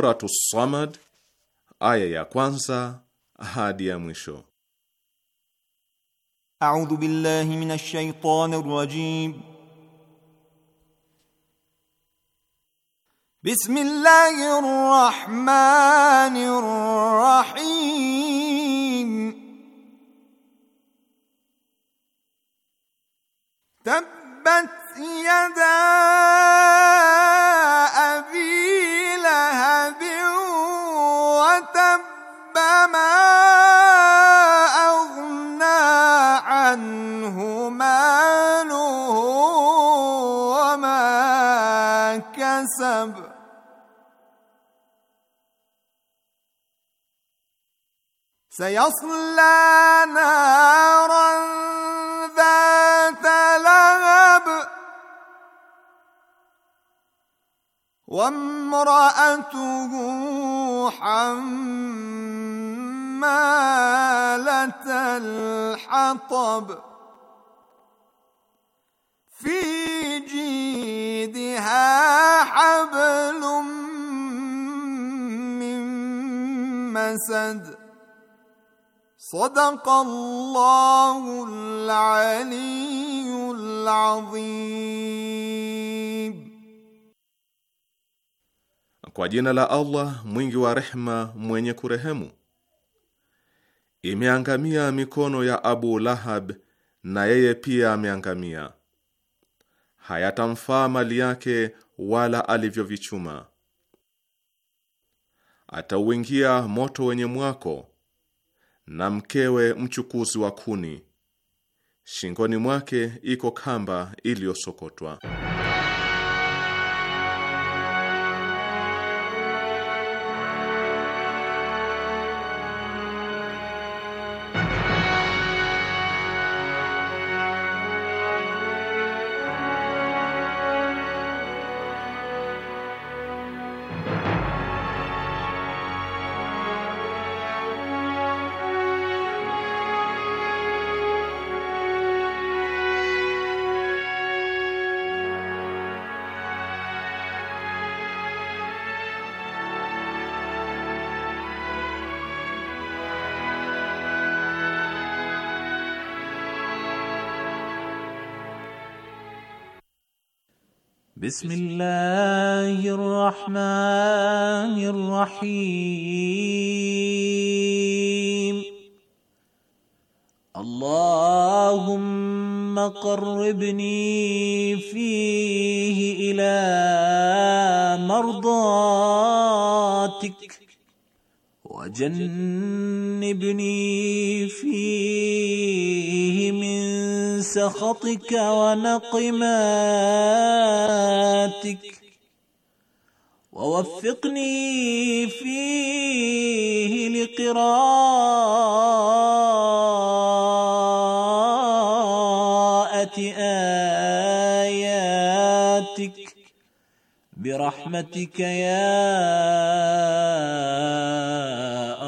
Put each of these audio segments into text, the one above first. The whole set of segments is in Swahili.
Suratu Samad, aya ya kwanza hadi ya mwisho. A'udhu billahi minash shaitanir rajim. Bismillahir rahmanir rahim سيصلى نارا ذات لهب وامرأته حمالة الحطب في جيدها حبل من مسد صدق الله العلي العظيم Kwa jina la Allah mwingi wa rehma mwenye kurehemu. Imeangamia mikono ya Abu Lahab na yeye pia ameangamia. Hayatamfaa mali yake wala alivyovichuma. Atauingia moto wenye mwako na mkewe mchukuzi wa kuni. Shingoni mwake iko kamba iliyosokotwa. بسم الله الرحمن الرحيم اللهم قربني فيه إلى مرضاتك وجنبني فيه سخطك ونقماتك ووفقني فيه لقراءة آياتك برحمتك يا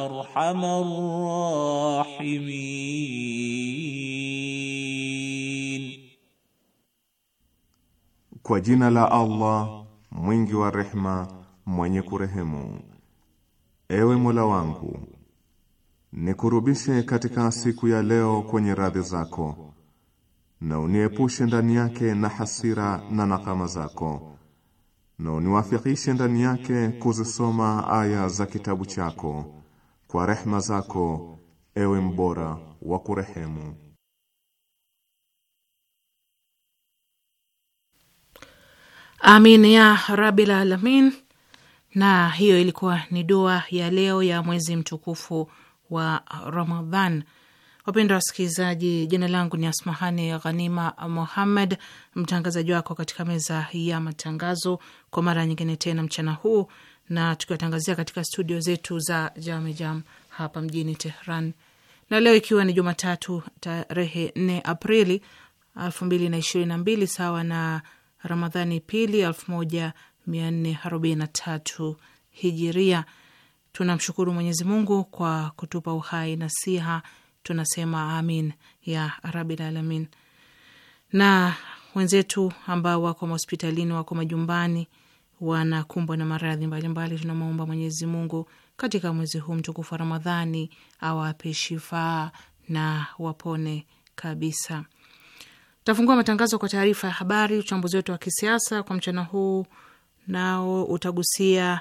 أرحم الراحمين Kwa jina la Allah mwingi wa rehma mwenye kurehemu. Ewe Mola wangu, nikurubishe katika siku ya leo kwenye radhi zako, na uniepushe ndani yake na hasira na nakama zako, na uniwafikishe ndani yake kuzisoma aya za kitabu chako kwa rehma zako, ewe mbora wa kurehemu. Amin ya rabil alamin. Na hiyo ilikuwa ni dua ya leo ya mwezi mtukufu wa Ramadhan. Wapendwa wasikilizaji, jina langu ni Asmahani Ghanima Muhammad, mtangazaji wako katika meza ya matangazo kwa mara nyingine tena mchana huu, na tukiwatangazia katika studio zetu za Jamejam hapa mjini Tehran, na leo ikiwa ni Jumatatu tarehe 4 Aprili elfu mbili na ishirini na mbili sawa na Ramadhani pili 1443 hijiria. Tunamshukuru Mwenyezi Mungu kwa kutupa uhai na siha, tunasema amin ya rabil alamin. Na wenzetu ambao wako mahospitalini, wako majumbani, wanakumbwa na maradhi mbalimbali, tunamwomba Mwenyezi Mungu katika mwezi huu mtukufu wa Ramadhani awape shifaa na wapone kabisa. Tafungua matangazo kwa taarifa ya habari. Uchambuzi wetu wa kisiasa kwa mchana huu nao utagusia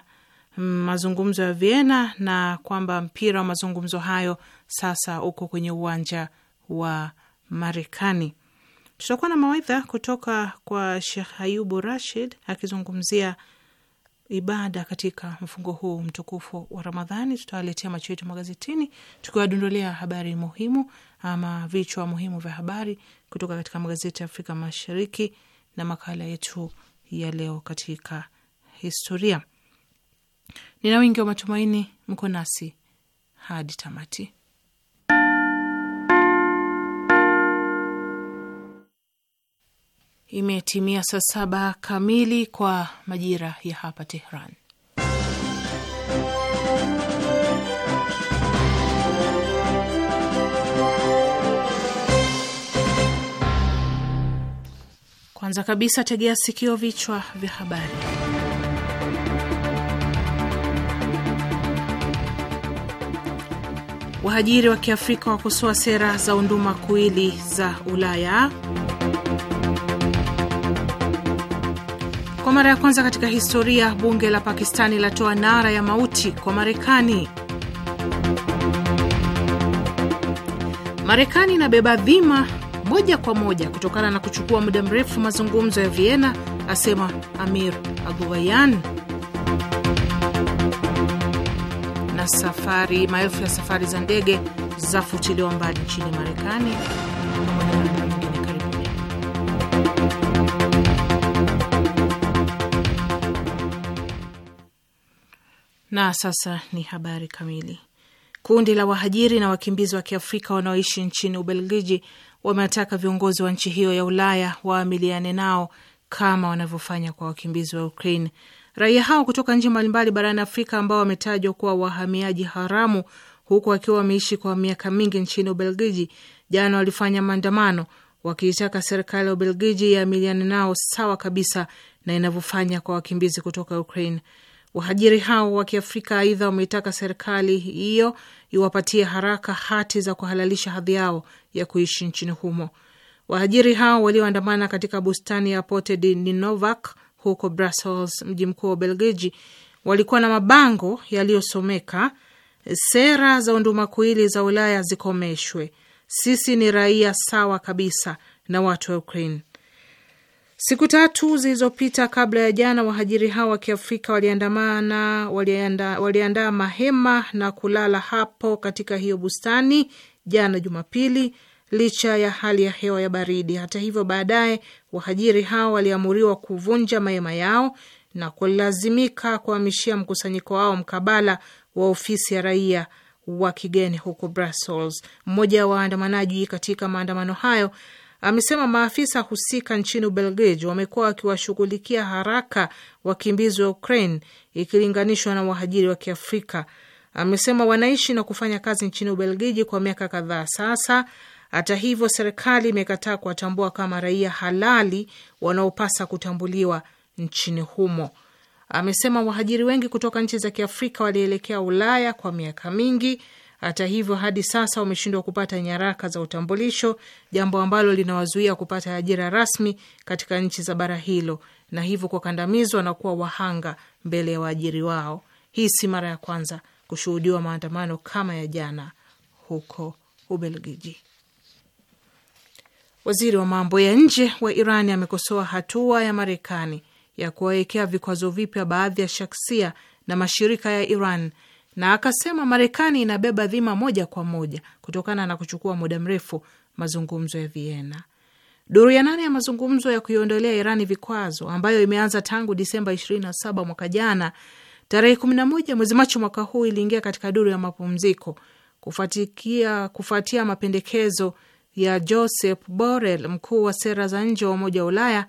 mm, mazungumzo ya Vienna na kwamba mpira wa mazungumzo hayo sasa uko kwenye uwanja wa Marekani. Tutakuwa na mawaidha kutoka kwa Shekh Ayubu Rashid akizungumzia ibada katika mfungo huu mtukufu wa Ramadhani. Tutawaletea macho yetu magazetini tukiwadondolea habari muhimu ama vichwa muhimu vya habari kutoka katika magazeti ya Afrika Mashariki na makala yetu ya leo katika historia. Nina wingi wa matumaini mko nasi hadi tamati. Imetimia saa saba kamili kwa majira ya hapa Tehran. Kwanza kabisa, tegea sikio vichwa vya habari. Wahajiri wa Kiafrika wakosoa sera za unduma kuili za Ulaya. Kwa mara ya kwanza katika historia, bunge la Pakistani latoa nara ya mauti kwa Marekani. Marekani inabeba dhima moja kwa moja kutokana na kuchukua muda mrefu mazungumzo ya Vienna, asema Amir Abdullahian. Na safari maelfu ya safari za ndege zafutiliwa mbali nchini Marekani. Na sasa ni habari kamili. Kundi la wahajiri na wakimbizi wa Kiafrika wanaoishi nchini Ubelgiji wamewataka viongozi wa nchi hiyo ya Ulaya waamiliane nao kama wanavyofanya kwa wakimbizi wa Ukraine. Raia hao kutoka nchi mbalimbali barani Afrika ambao wametajwa kuwa wahamiaji haramu huku wakiwa wameishi kwa miaka mingi nchini Ubelgiji, jana walifanya maandamano wakiitaka serikali ya Ubelgiji yaamiliane nao sawa kabisa na inavyofanya kwa wakimbizi kutoka Ukraine. Wahajiri hao wa Kiafrika aidha wameitaka serikali hiyo iwapatie haraka hati za kuhalalisha hadhi yao ya kuishi nchini humo. Waajiri hao walioandamana katika bustani ya Porte de Ninovak huko Brussels, mji mkuu wa Ubelgiji, walikuwa na mabango yaliyosomeka: sera za undumakuili za Ulaya zikomeshwe, sisi ni raia sawa kabisa na watu wa Ukraine. Siku tatu zilizopita kabla ya jana, wahajiri hao wa Kiafrika waliandamana, waliandaa walianda mahema na kulala hapo katika hiyo bustani jana Jumapili, licha ya hali ya hewa ya baridi. Hata hivyo, baadaye wahajiri hao waliamuriwa kuvunja mahema yao na kulazimika kuhamishia mkusanyiko wao mkabala wa ofisi ya raia wa kigeni huko Brussels. Mmoja wa waandamanaji katika maandamano hayo amesema maafisa husika nchini Ubelgiji wamekuwa wakiwashughulikia haraka wakimbizi wa Ukraine ikilinganishwa na wahajiri wa Kiafrika. Amesema wanaishi na kufanya kazi nchini Ubelgiji kwa miaka kadhaa sasa. Hata hivyo, serikali imekataa kuwatambua kama raia halali wanaopasa kutambuliwa nchini humo. Amesema wahajiri wengi kutoka nchi za Kiafrika walielekea Ulaya kwa miaka mingi hata hivyo, hadi sasa wameshindwa kupata nyaraka za utambulisho, jambo ambalo linawazuia kupata ajira rasmi katika nchi za bara hilo, na hivyo kukandamizwa na kuwa wahanga mbele ya waajiri wao. Hii si mara ya kwanza kushuhudiwa maandamano kama ya jana huko Ubelgiji. Waziri wa mambo ya nje wa Iran amekosoa hatua ya Marekani ya kuwawekea vikwazo vipya baadhi ya shaksia na mashirika ya Iran na akasema Marekani inabeba dhima moja kwa moja kutokana na kuchukua muda mrefu mazungumzo ya Vienna. Duru ya nane ya mazungumzo ya kuiondolea Irani vikwazo ambayo imeanza tangu Disemba 27 mwaka jana, tarehe 11 mwezi Machi mwaka huu iliingia katika duru ya mapumziko kufuatia, kufuatia mapendekezo ya Joseph Borrell, mkuu wa sera za nje wa Umoja wa Ulaya,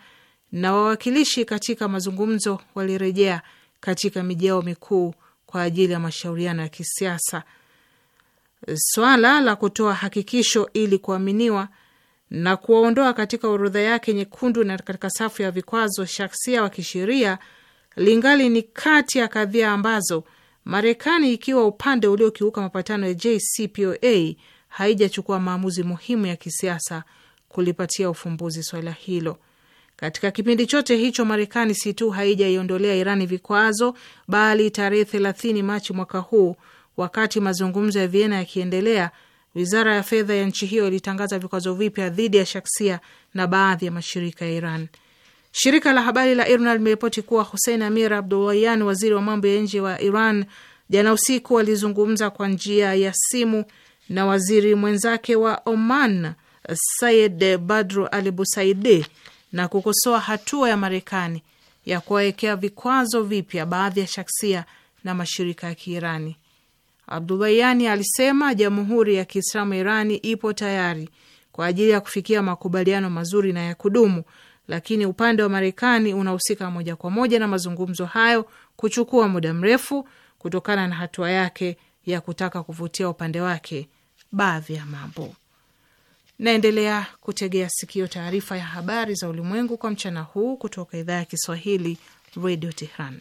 na wawakilishi katika mazungumzo walirejea katika miji yao mikuu kwa ajili ya mashauriano ya kisiasa. Swala la kutoa hakikisho ili kuaminiwa na kuwaondoa katika orodha yake nyekundu na katika safu ya vikwazo shaksia wa kisheria lingali ni kati ya kadhia ambazo Marekani ikiwa upande uliokiuka mapatano ya JCPOA haijachukua maamuzi muhimu ya kisiasa kulipatia ufumbuzi swala hilo. Katika kipindi chote hicho, Marekani si tu haijaiondolea Irani vikwazo, bali tarehe thelathini Machi mwaka huu, wakati mazungumzo ya Viena yakiendelea, wizara ya fedha ya nchi hiyo ilitangaza vikwazo vipya dhidi ya shaksia na baadhi ya mashirika ya Iran. Shirika la habari la IRNA limeripoti kuwa Hussein Amir abdullayan waziri wa mambo ya nje wa Iran, jana usiku alizungumza kwa njia ya simu na waziri mwenzake wa Oman Sayed Badru Al Busaidi na kukosoa hatua ya Marekani ya kuwawekea vikwazo vipya baadhi ya shaksia na mashirika ya Kiirani. Abdulayani alisema jamhuri ya Kiislamu Irani ipo tayari kwa ajili ya kufikia makubaliano mazuri na ya kudumu, lakini upande wa Marekani unahusika moja kwa moja na mazungumzo hayo kuchukua muda mrefu kutokana na hatua yake ya kutaka kuvutia upande wake baadhi ya mambo. Naendelea kutegea sikio taarifa ya habari za ulimwengu kwa mchana huu kutoka idhaa ya Kiswahili Radio Tehran.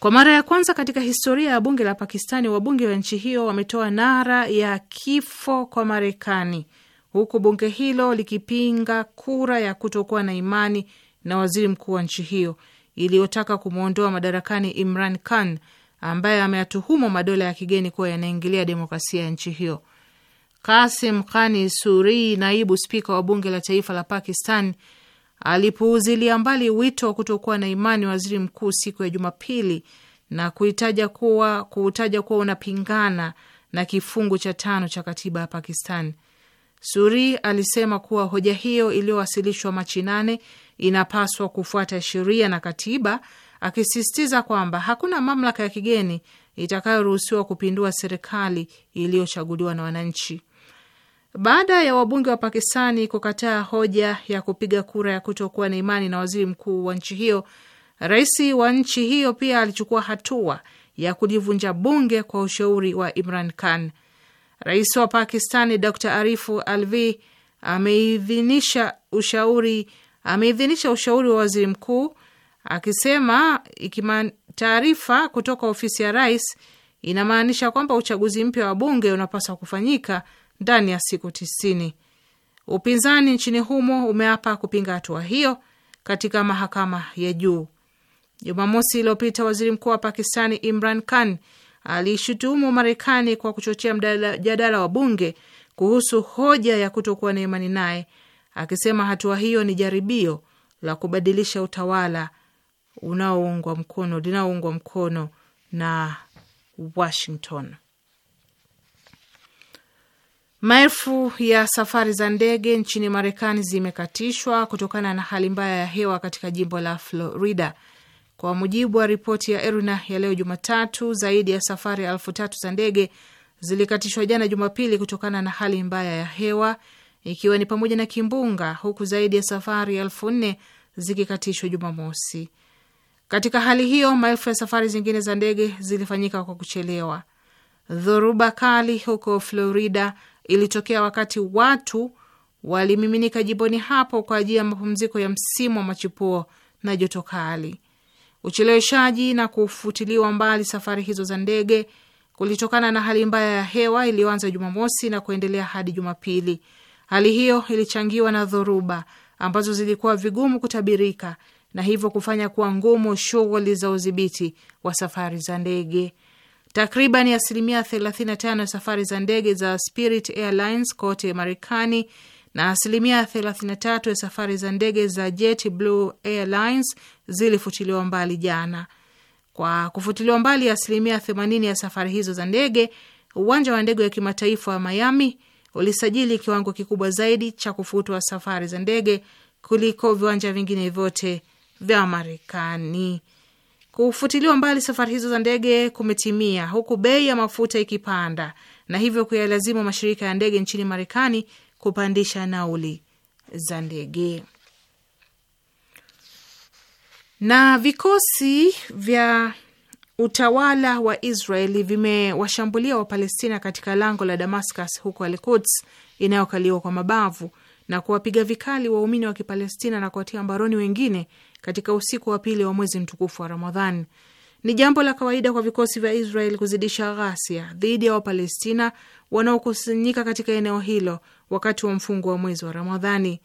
Kwa mara ya kwanza katika historia ya bunge la Pakistani, wabunge wa nchi hiyo wametoa nara ya kifo kwa Marekani, huku bunge hilo likipinga kura ya kutokuwa na imani na waziri mkuu wa nchi hiyo iliyotaka kumwondoa madarakani Imran Khan ambaye ameyatuhumu madola ya kigeni kuwa yanaingilia demokrasia ya nchi hiyo. Kasim Kani Suri, naibu spika wa bunge la taifa la Pakistan, alipuuzilia mbali wito wa kutokuwa na imani waziri mkuu siku ya Jumapili na kuitaja kuwa kuutaja kuwa unapingana na kifungu cha tano cha katiba ya Pakistan. Suri alisema kuwa hoja hiyo iliyowasilishwa Machi nane inapaswa kufuata sheria na katiba, akisisitiza kwamba hakuna mamlaka ya kigeni itakayoruhusiwa kupindua serikali iliyochaguliwa na wananchi baada ya wabunge wa Pakistani kukataa hoja ya kupiga kura ya kutokuwa na imani na waziri mkuu wa nchi hiyo, rais wa nchi hiyo pia alichukua hatua ya kulivunja bunge kwa ushauri wa Imran Khan. Rais wa Pakistani Dr Arifu Alvi ameidhinisha ushauri, ameidhinisha ushauri wa waziri mkuu akisema taarifa kutoka ofisi ya rais inamaanisha kwamba uchaguzi mpya wa bunge unapaswa kufanyika ndani ya siku tisini. Upinzani nchini humo umeapa kupinga hatua hiyo katika mahakama ya juu. Jumamosi iliyopita, waziri mkuu wa Pakistani Imran Khan aliishutumu Marekani kwa kuchochea mjadala wa bunge kuhusu hoja ya kutokuwa na imani naye, akisema hatua hiyo ni jaribio la kubadilisha utawala unaoungwa mkono linaoungwa mkono na Washington. Maelfu ya safari za ndege nchini Marekani zimekatishwa kutokana na hali mbaya ya hewa katika jimbo la Florida. Kwa mujibu wa ripoti ya Erna ya leo Jumatatu, zaidi ya safari elfu tatu za ndege zilikatishwa jana Jumapili kutokana na hali mbaya ya hewa, ikiwa ni pamoja na kimbunga, huku zaidi ya safari elfu nne zikikatishwa Jumamosi. Katika hali hiyo, maelfu ya safari zingine za ndege zilifanyika kwa kuchelewa. Dhoruba kali huko Florida ilitokea wakati watu walimiminika jimboni hapo kwa ajili ya mapumziko ya msimu wa machipuo na joto kali. Ucheleweshaji na kufutiliwa mbali safari hizo za ndege kulitokana na hali mbaya ya hewa iliyoanza Jumamosi na kuendelea hadi Jumapili. Hali hiyo ilichangiwa na dhoruba ambazo zilikuwa vigumu kutabirika na hivyo kufanya kuwa ngumu shughuli za udhibiti wa safari za ndege. Takriban asilimia 35 ya safari za ndege za Spirit Airlines kote Marekani na asilimia 33 ya safari za ndege za JetBlue Airlines zilifutiliwa mbali jana. Kwa kufutiliwa mbali asilimia 80 ya safari hizo za ndege, uwanja wa ndege wa kimataifa wa Miami ulisajili kiwango kikubwa zaidi cha kufutwa safari za ndege kuliko viwanja vingine vyote vya Marekani. Kufutiliwa mbali safari hizo za ndege kumetimia huku bei ya mafuta ikipanda na hivyo kuyalazimu mashirika ya ndege nchini Marekani kupandisha nauli za ndege. Na vikosi vya utawala wa Israeli vimewashambulia Wapalestina katika lango la Damascus huko Alquds inayokaliwa kwa mabavu na kuwapiga vikali waumini wa Kipalestina na kuwatia mbaroni wengine katika usiku wa pili wa mwezi mtukufu wa Ramadhan. Ni jambo la kawaida kwa vikosi vya Israel kuzidisha ghasia dhidi ya Wapalestina wanaokusanyika katika eneo hilo wakati wa mfungo wa mwezi wa Ramadhani.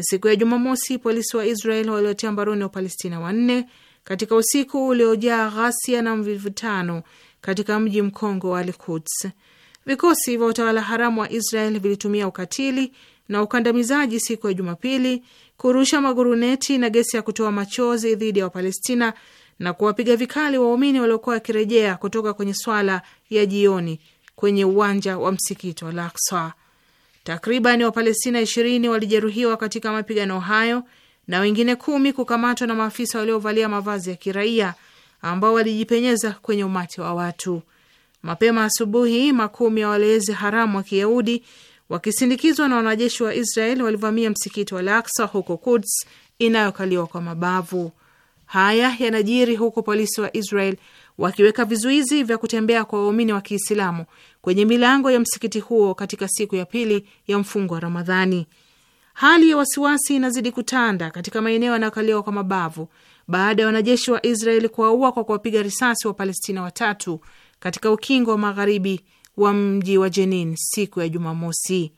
Siku ya Jumamosi, polisi wa Israel waliotia mbaroni Wapalestina wanne katika usiku uliojaa ghasia na mvivutano katika mji mkongwe wa Al-Quds. Vikosi vya utawala haramu wa Israel vilitumia ukatili na ukandamizaji siku ya Jumapili kurusha maguruneti na gesi ya kutoa machozi dhidi ya Wapalestina na kuwapiga vikali waumini waliokuwa wakirejea kutoka kwenye swala ya jioni kwenye uwanja wa msikiti wa Al-Aqsa. Takriban Wapalestina ishirini walijeruhiwa katika mapigano hayo na wengine kumi kukamatwa na maafisa waliovalia mavazi ya kiraia ambao walijipenyeza kwenye umati wa watu. Mapema asubuhi, makumi ya walezi haramu wa Kiyahudi wakisindikizwa na wanajeshi wa Israel walivamia msikiti wa laksa huko Kuds inayokaliwa kwa mabavu. Haya yanajiri huku polisi wa Israel wakiweka vizuizi vya kutembea kwa waumini wa Kiislamu kwenye milango ya msikiti huo katika siku ya pili ya mfungo wa Ramadhani. Hali ya wasiwasi inazidi kutanda katika maeneo yanayokaliwa kwa mabavu baada ya wanajeshi wa Israel kuwaua kwa kuwapiga risasi wa Palestina watatu katika ukingo wa magharibi wa mji wa Jenin siku ya Jumamosi.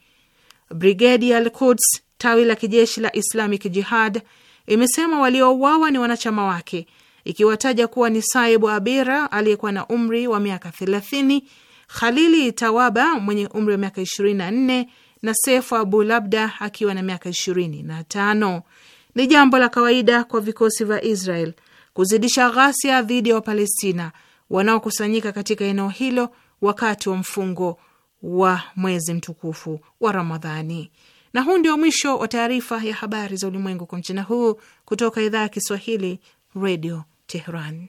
Brigedi ya Al-Quds tawi la kijeshi la Islamic Jihad imesema waliouawa ni wanachama wake, ikiwataja kuwa ni Saibu Abira aliyekuwa na umri wa miaka 30, Khalili Tawaba mwenye umri wa miaka 24 na Sefu Abu Labda akiwa na miaka 25. Ni jambo la kawaida kwa vikosi vya Israel kuzidisha ghasia dhidi ya Wapalestina wanaokusanyika katika eneo hilo wakati wa mfungo wa mwezi mtukufu wa Ramadhani. Na huu ndio mwisho wa taarifa ya habari za ulimwengu kwa mchana huu kutoka idhaa ya Kiswahili, Redio Tehran.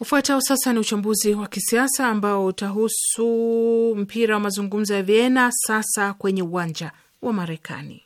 Ufuatao sasa ni uchambuzi wa kisiasa ambao utahusu mpira wa mazungumzo ya Vienna sasa kwenye uwanja wa Marekani.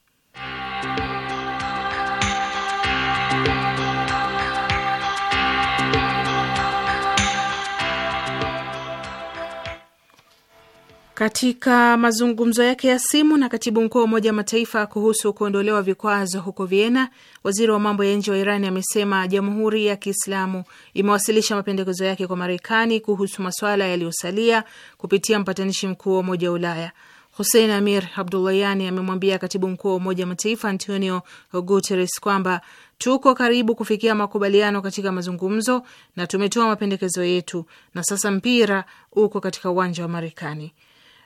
Katika mazungumzo yake ya simu na katibu mkuu wa Umoja wa Mataifa kuhusu kuondolewa vikwazo huko Vienna, waziri wa mambo ya nje wa Irani amesema Jamhuri ya Kiislamu imewasilisha mapendekezo yake kwa Marekani kuhusu masuala yaliyosalia kupitia mpatanishi mkuu wa Umoja wa Ulaya. Hussein Amir Abdulayani amemwambia katibu mkuu wa Umoja wa Mataifa Antonio Guterres kwamba tuko karibu kufikia makubaliano katika mazungumzo na tumetoa mapendekezo yetu, na sasa mpira uko katika uwanja wa Marekani.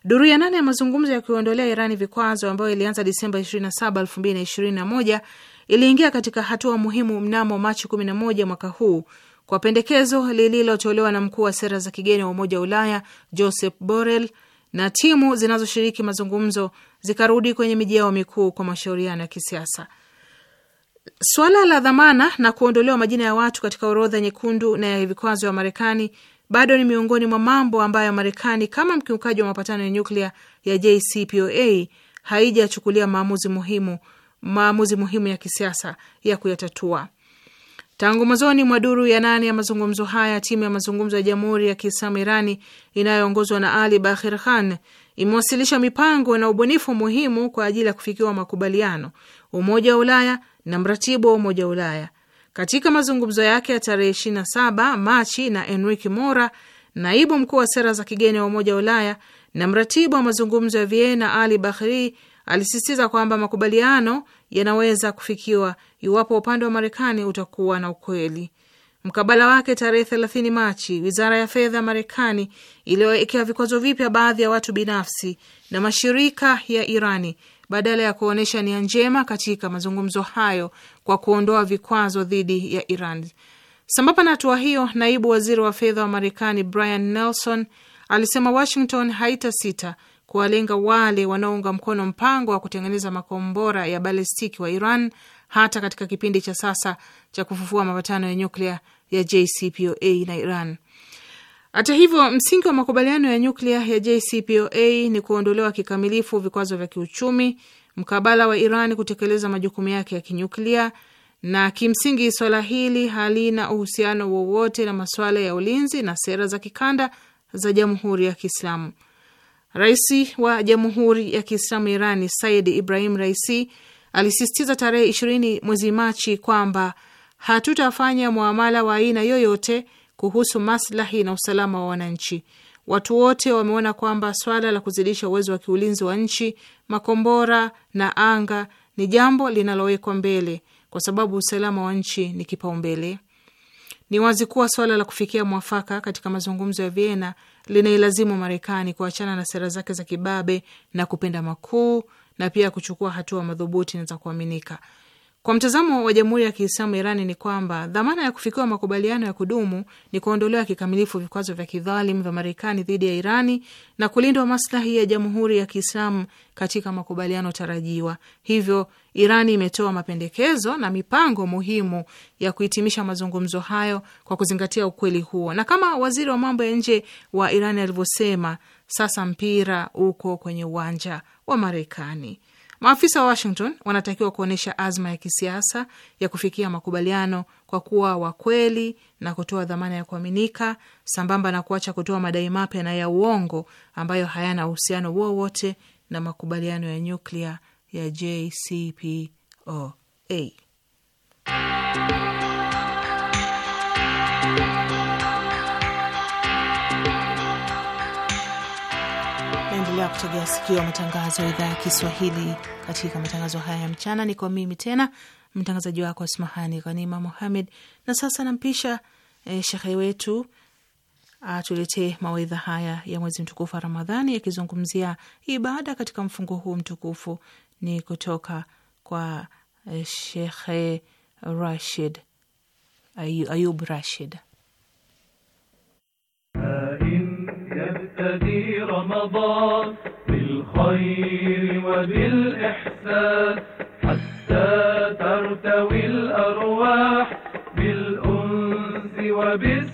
Duru ya nane ya mazungumzo ya kuiondolea Irani vikwazo ambayo ilianza Disemba 27, 2021 iliingia katika hatua muhimu mnamo Machi 11 mwaka huu kwa pendekezo lililotolewa na mkuu wa sera za kigeni wa Umoja wa Ulaya Joseph Borrell, na timu zinazoshiriki mazungumzo zikarudi kwenye miji yao mikuu kwa mashauriano ya kisiasa. Swala la dhamana na kuondolewa majina ya watu katika orodha nyekundu na ya vikwazo ya Marekani bado ni miongoni mwa mambo ambayo Marekani kama mkiukaji wa mapatano ya nyuklia ya JCPOA haijachukulia maamuzi muhimu, maamuzi muhimu ya kisiasa ya kuyatatua. Tangu mwanzoni mwa duru ya nane ya mazungumzo haya, timu ya mazungumzo ya Jamhuri ya Kiislamu Irani inayoongozwa na Ali Bakhir Khan imewasilisha mipango na ubunifu muhimu kwa ajili ya kufikiwa makubaliano. Umoja wa Ulaya na mratibu wa Umoja wa Ulaya katika mazungumzo yake ya tarehe 27 Machi na Enrique Mora, naibu mkuu wa sera za kigeni wa Umoja wa Ulaya na mratibu wa mazungumzo ya Vienna Ali Bahri alisisitiza kwamba makubaliano yanaweza kufikiwa iwapo upande wa Marekani utakuwa na ukweli. Mkabala wake tarehe 30 Machi, wizara ya fedha ya Marekani iliyowekewa vikwazo vipya baadhi ya watu binafsi na mashirika ya Irani badala ya kuonyesha nia njema katika mazungumzo hayo kwa kuondoa vikwazo dhidi ya Iran. Sambamba na hatua hiyo, naibu waziri wa fedha wa Marekani Brian Nelson alisema Washington haitasita kuwalenga wale wanaounga mkono mpango wa kutengeneza makombora ya balistiki wa Iran hata katika kipindi cha sasa cha kufufua mapatano ya nyuklia ya JCPOA na Iran. Hata hivyo, msingi wa makubaliano ya nyuklia ya JCPOA ni kuondolewa kikamilifu vikwazo vya kiuchumi mkabala wa Iran kutekeleza majukumu yake ya kinyuklia, na kimsingi swala hili halina uhusiano wowote na masuala ya ulinzi na sera za kikanda za Jamhuri ya Kiislamu. Rais wa Jamhuri ya Kiislamu Irani Said Ibrahim Raisi alisisitiza tarehe 2 mwezi Machi kwamba hatutafanya muamala wa aina yoyote kuhusu maslahi na usalama wa wananchi. Watu wote wameona kwamba swala la kuzidisha uwezo wa kiulinzi wa nchi, makombora na anga ni jambo linalowekwa mbele kwa sababu usalama wa nchi ni kipaumbele. Ni wazi kuwa swala la kufikia mwafaka katika mazungumzo ya Vienna linailazimu Marekani kuachana na sera zake za kibabe na kupenda makuu na pia kuchukua hatua madhubuti na za kuaminika. Kwa mtazamo wa Jamhuri ya Kiislamu Irani ni kwamba dhamana ya kufikiwa makubaliano ya kudumu ni kuondolewa kikamilifu vikwazo vya kidhalimu vya Marekani dhidi ya Irani na kulindwa maslahi ya Jamhuri ya Kiislamu katika makubaliano tarajiwa. Hivyo Irani imetoa mapendekezo na mipango muhimu ya kuhitimisha mazungumzo hayo kwa kuzingatia ukweli huo, na kama waziri wa mambo ya nje wa Irani alivyosema, sasa mpira uko kwenye uwanja wa Marekani. Maafisa wa Washington wanatakiwa kuonyesha azma ya kisiasa ya kufikia makubaliano kwa kuwa wakweli na kutoa dhamana ya kuaminika, sambamba na kuacha kutoa madai mapya na ya uongo ambayo hayana uhusiano wowote na makubaliano ya nyuklia ya JCPOA. Mnaendelea kutegea sikio matangazo ya idhaa ya Kiswahili. Katika matangazo haya ya mchana, niko mimi tena mtangazaji wako Asmahani Ghanima Muhamed, na sasa nampisha e, eh, shehe wetu atuletee mawaidha haya ya mwezi mtukufu wa Ramadhani yakizungumzia ibada katika mfungo huu mtukufu. Ni kutoka kwa e, Shekhe Rashid Ayub, Ayub Rashid. مضى بالخير وبالإحسان حتى ترتوي الأرواح بالأنس وبالسلام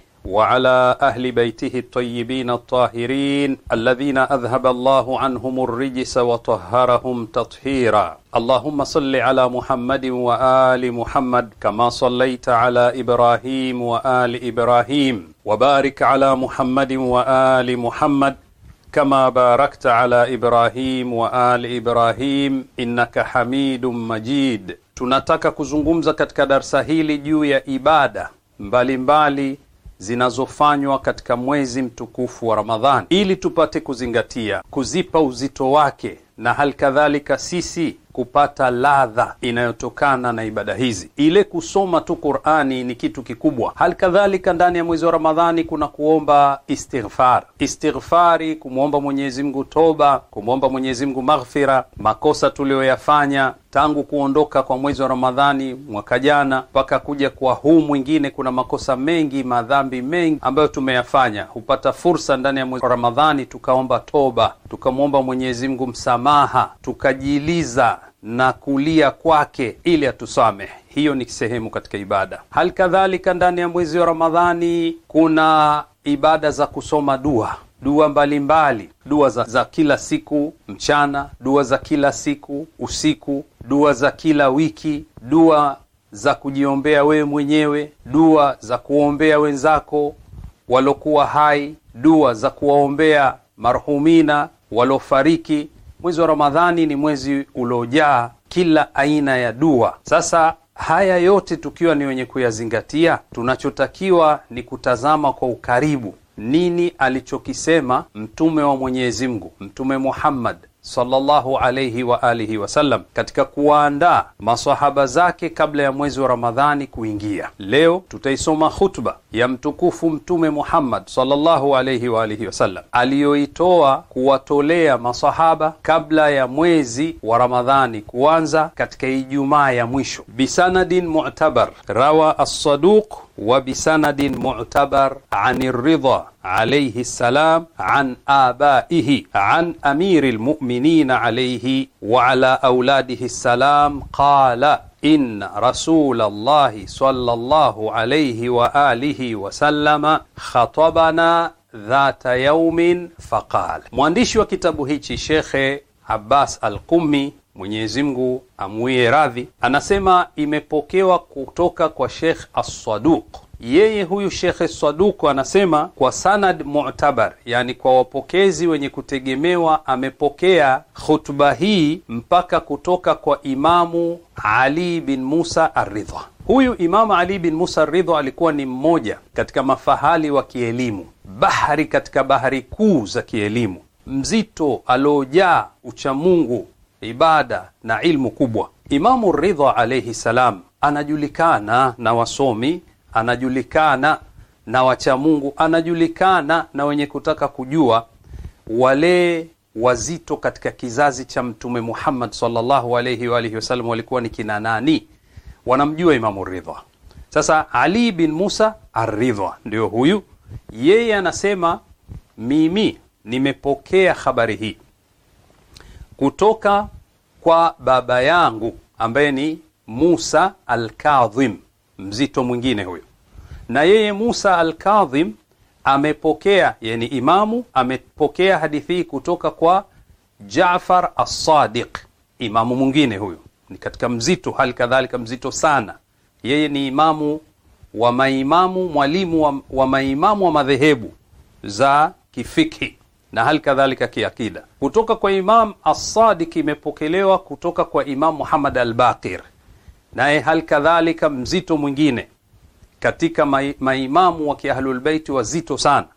وعلى أهل بيته الطيبين الطاهرين الذين أذهب الله عنهم الرجس وطهرهم تطهيرا اللهم صل على محمد وآل محمد كما صليت على إبراهيم وآل إبراهيم وبارك على محمد وآل محمد كما باركت على إبراهيم وآل إبراهيم إنك حميد مجيد tunataka kuzungumza katika darsa hili juu ya ibada mbalimbali mbali zinazofanywa katika mwezi mtukufu wa Ramadhani ili tupate kuzingatia, kuzipa uzito wake na hali kadhalika sisi kupata ladha inayotokana na ibada hizi. Ile kusoma tu Qur'ani ni kitu kikubwa. Hali kadhalika ndani ya mwezi wa Ramadhani kuna kuomba istighfar, istighfari, kumwomba Mwenyezi Mungu toba, kumwomba Mwenyezi Mungu maghfira makosa tuliyoyafanya tangu kuondoka kwa mwezi wa Ramadhani mwaka jana mpaka kuja kwa huu mwingine, kuna makosa mengi, madhambi mengi ambayo tumeyafanya. Hupata fursa ndani ya mwezi wa Ramadhani tukaomba toba, tukamwomba Mwenyezi Mungu msamaha, tukajiliza na kulia kwake ili atusamehe. Hiyo ni sehemu katika ibada. Hali kadhalika ndani ya mwezi wa Ramadhani kuna ibada za kusoma dua dua mbalimbali Dua za, za kila siku mchana, dua za kila siku usiku, dua za kila wiki, dua za kujiombea wewe mwenyewe, dua za kuombea wenzako walokuwa hai, dua za kuwaombea marhumina walofariki. Mwezi wa Ramadhani ni mwezi uliojaa kila aina ya dua. Sasa haya yote tukiwa ni wenye kuyazingatia, tunachotakiwa ni kutazama kwa ukaribu nini alichokisema mtume wa Mwenyezi Mungu, Mtume Muhammad sallallahu alayhi wa alihi wasallam katika kuwaandaa masahaba zake kabla ya mwezi wa Ramadhani kuingia. Leo tutaisoma khutba ya mtukufu Mtume Muhammad sallallahu alayhi wa alihi wasallam aliyoitoa kuwatolea masahaba kabla ya mwezi wa Ramadhani kuanza katika Ijumaa ya mwisho, bisanadin mu'tabar rawa as-saduq wa bisanadin mu'tabar an ar-ridha alayhi salam an abaihi an amir al lmuminina alayhi wa auladihi salam qala inna rasula llahi sallallahu alayhi wa alihi wasallama khatabana dhata yaumin faqala. Mwandishi wa kitabu hichi Shekhe Abbas Alqummi, Mwenyezi Mungu amwie radhi, anasema imepokewa kutoka kwa Shekh Assaduq yeye huyu Shekhe Saduku anasema kwa sanad mu'tabar, yani kwa wapokezi wenye kutegemewa, amepokea khutba hii mpaka kutoka kwa Imamu Ali bin Musa Arridha. Huyu Imamu Ali bin Musa Arridha alikuwa ni mmoja katika mafahali wa kielimu, bahari katika bahari kuu za kielimu, mzito aliojaa uchamungu, ibada na ilmu kubwa. Imamu Ridha alaihi salam anajulikana na wasomi anajulikana na wachamungu, anajulikana na wenye kutaka kujua wale wazito katika kizazi cha Mtume Muhammad sallallahu alayhi wa alihi wasallam walikuwa ni kina nani? Wanamjua Imamu Ridha. Sasa Ali bin Musa aridha ridha ndio huyu, yeye anasema mimi nimepokea habari hii kutoka kwa baba yangu ambaye ni Musa Al-Kadhim mzito mwingine huyo. Na yeye Musa al-Kadhim amepokea, yani imamu amepokea hadithi hii kutoka kwa Jaafar as-Sadiq, imamu mwingine huyo, ni katika mzito, hali kadhalika mzito sana. Yeye ni imamu wa maimamu, mwalimu wa, wa maimamu wa madhehebu za kifikhi na hali kadhalika kiakida. Kutoka kwa Imam as-Sadiq imepokelewa kutoka kwa Imam Muhammad al-Baqir naye hal kadhalika mzito mwingine katika maimamu wa kiahlulbeiti wazito sana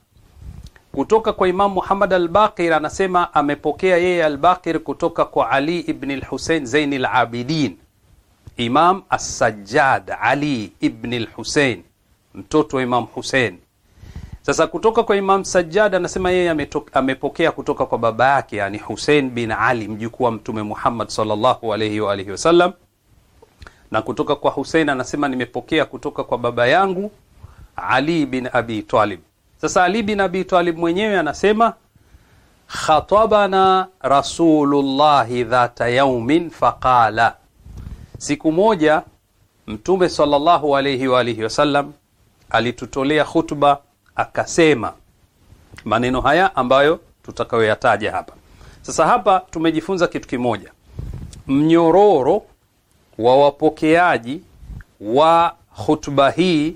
kutoka kwa imam Muhammad al anasema amepokea yeye al kutoka kwa Ali ibn lhusein Zain Labidin, Imam asajad Ali ibn Lhusein, mtoto wa Imam Husein. Sasa kutoka kwa Imam Sajjad anasema yeye amepokea kutoka kwa baba yake, yani Husein bin Ali, mjukuu wa Mtume Muhammad sallallahu alayhi wa alihi wasallam na kutoka kwa Husein anasema nimepokea kutoka kwa baba yangu Ali bin Abi Talib. Sasa Ali bin Abi Talib mwenyewe anasema khatabana Rasulullahi dhata yaumin faqala, siku moja Mtume sallallahu alayhi wa alihi wasallam alitutolea khutba akasema maneno haya ambayo tutakayoyataja hapa. Sasa hapa tumejifunza kitu kimoja, mnyororo wa wapokeaji wa hutuba hii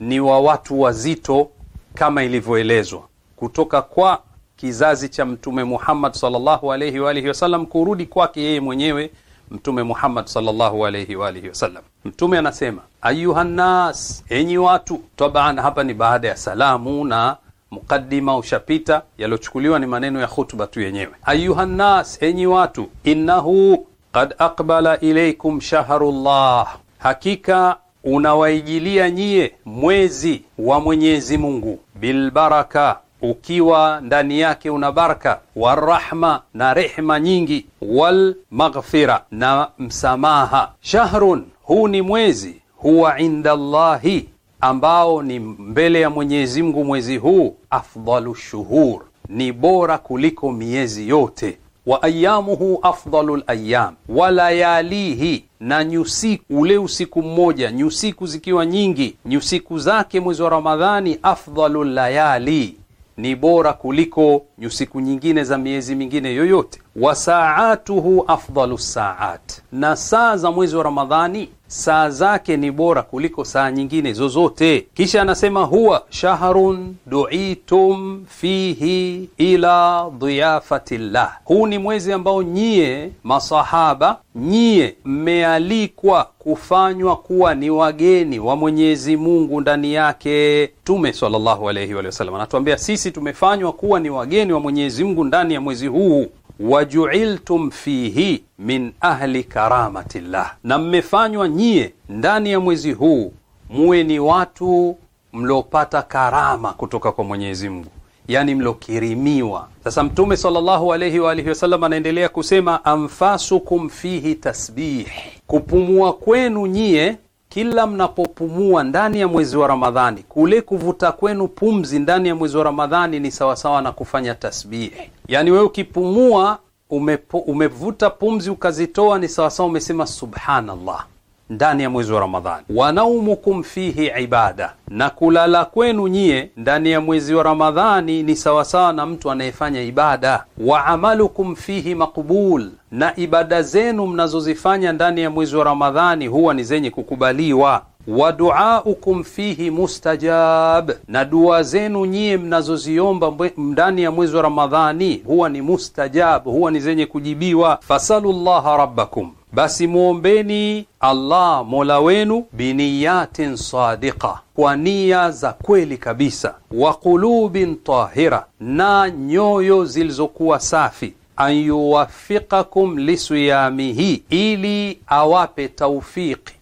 ni wa watu wazito kama ilivyoelezwa kutoka kwa kizazi cha Mtume Muhammad sallallahu alayhi wa alihi wasallam kurudi kwake yeye mwenyewe Mtume Muhammad sallallahu alayhi wa alihi wasallam. Mtume anasema ayuhannas, enyi watu. Taban, hapa ni baada ya salamu na mukaddima ushapita, yaliyochukuliwa ni maneno ya khutba tu yenyewe. Ayuhannas, enyi watu, innahu Qad aqbala ilaykum shahrullah, hakika unawaijilia nyie mwezi wa Mwenyezi Mungu, bilbaraka ukiwa ndani yake una baraka, warahma na rehma nyingi, wal maghfira na msamaha. Shahrun, huu ni mwezi, huwa inda llahi, ambao ni mbele ya Mwenyezi Mungu, mwezi huu afdalu shuhur, ni bora kuliko miezi yote wa ayamuhu afdalu layam, wa layalihi, na nyusiku ule usiku mmoja, nyusiku zikiwa nyingi, nyusiku zake mwezi wa Ramadhani, afdalu layali, ni bora kuliko nyusiku nyingine za miezi mingine yoyote. Wa saatuhu afdalu saat, na saa za mwezi wa Ramadhani saa zake ni bora kuliko saa nyingine zozote. Kisha anasema huwa shahrun duitum fihi ila llah, huu ni mwezi ambao nyie masahaba nyie mmealikwa kufanywa kuwa ni wageni wa Mwenyezi Mungu ndani yake. Mtume sallallahu alayhi wa sallam anatuambia sisi tumefanywa kuwa ni wageni wa Mwenyezi Mungu ndani ya mwezi huu wajuiltum fihi min ahli karamatillah, na mmefanywa nyie ndani ya mwezi huu muwe ni watu mliopata karama kutoka kwa Mwenyezi Mungu, yani mlokirimiwa. Sasa Mtume sallallahu alayhi wa alihi wasallam anaendelea kusema anfasukum fihi tasbih, kupumua kwenu nyie kila mnapopumua ndani ya mwezi wa Ramadhani, kule kuvuta kwenu pumzi ndani ya mwezi wa Ramadhani ni sawasawa na kufanya tasbihi. yani wewe ukipumua umevuta pumzi ukazitoa, ni sawasawa umesema subhanallah ndani ya mwezi wa Ramadhani. Wanaumukum fihi ibada, na kulala kwenu nyie ndani ya mwezi wa Ramadhani ni sawasawa na mtu anayefanya ibada. wa amalukum fihi maqbul, na ibada zenu mnazozifanya ndani ya mwezi wa Ramadhani huwa ni zenye kukubaliwa wa duaukum fihi mustajab, na dua zenu nyie mnazoziomba ndani ya mwezi wa Ramadhani huwa ni mustajab, huwa ni zenye kujibiwa. Fasalu llaha rabbakum, basi mwombeni Allah mola wenu biniyatin sadiqa, kwa nia za kweli kabisa, wa qulubin tahira, na nyoyo zilizokuwa safi an yuwafiqakum lisiyamihi, ili awape taufiki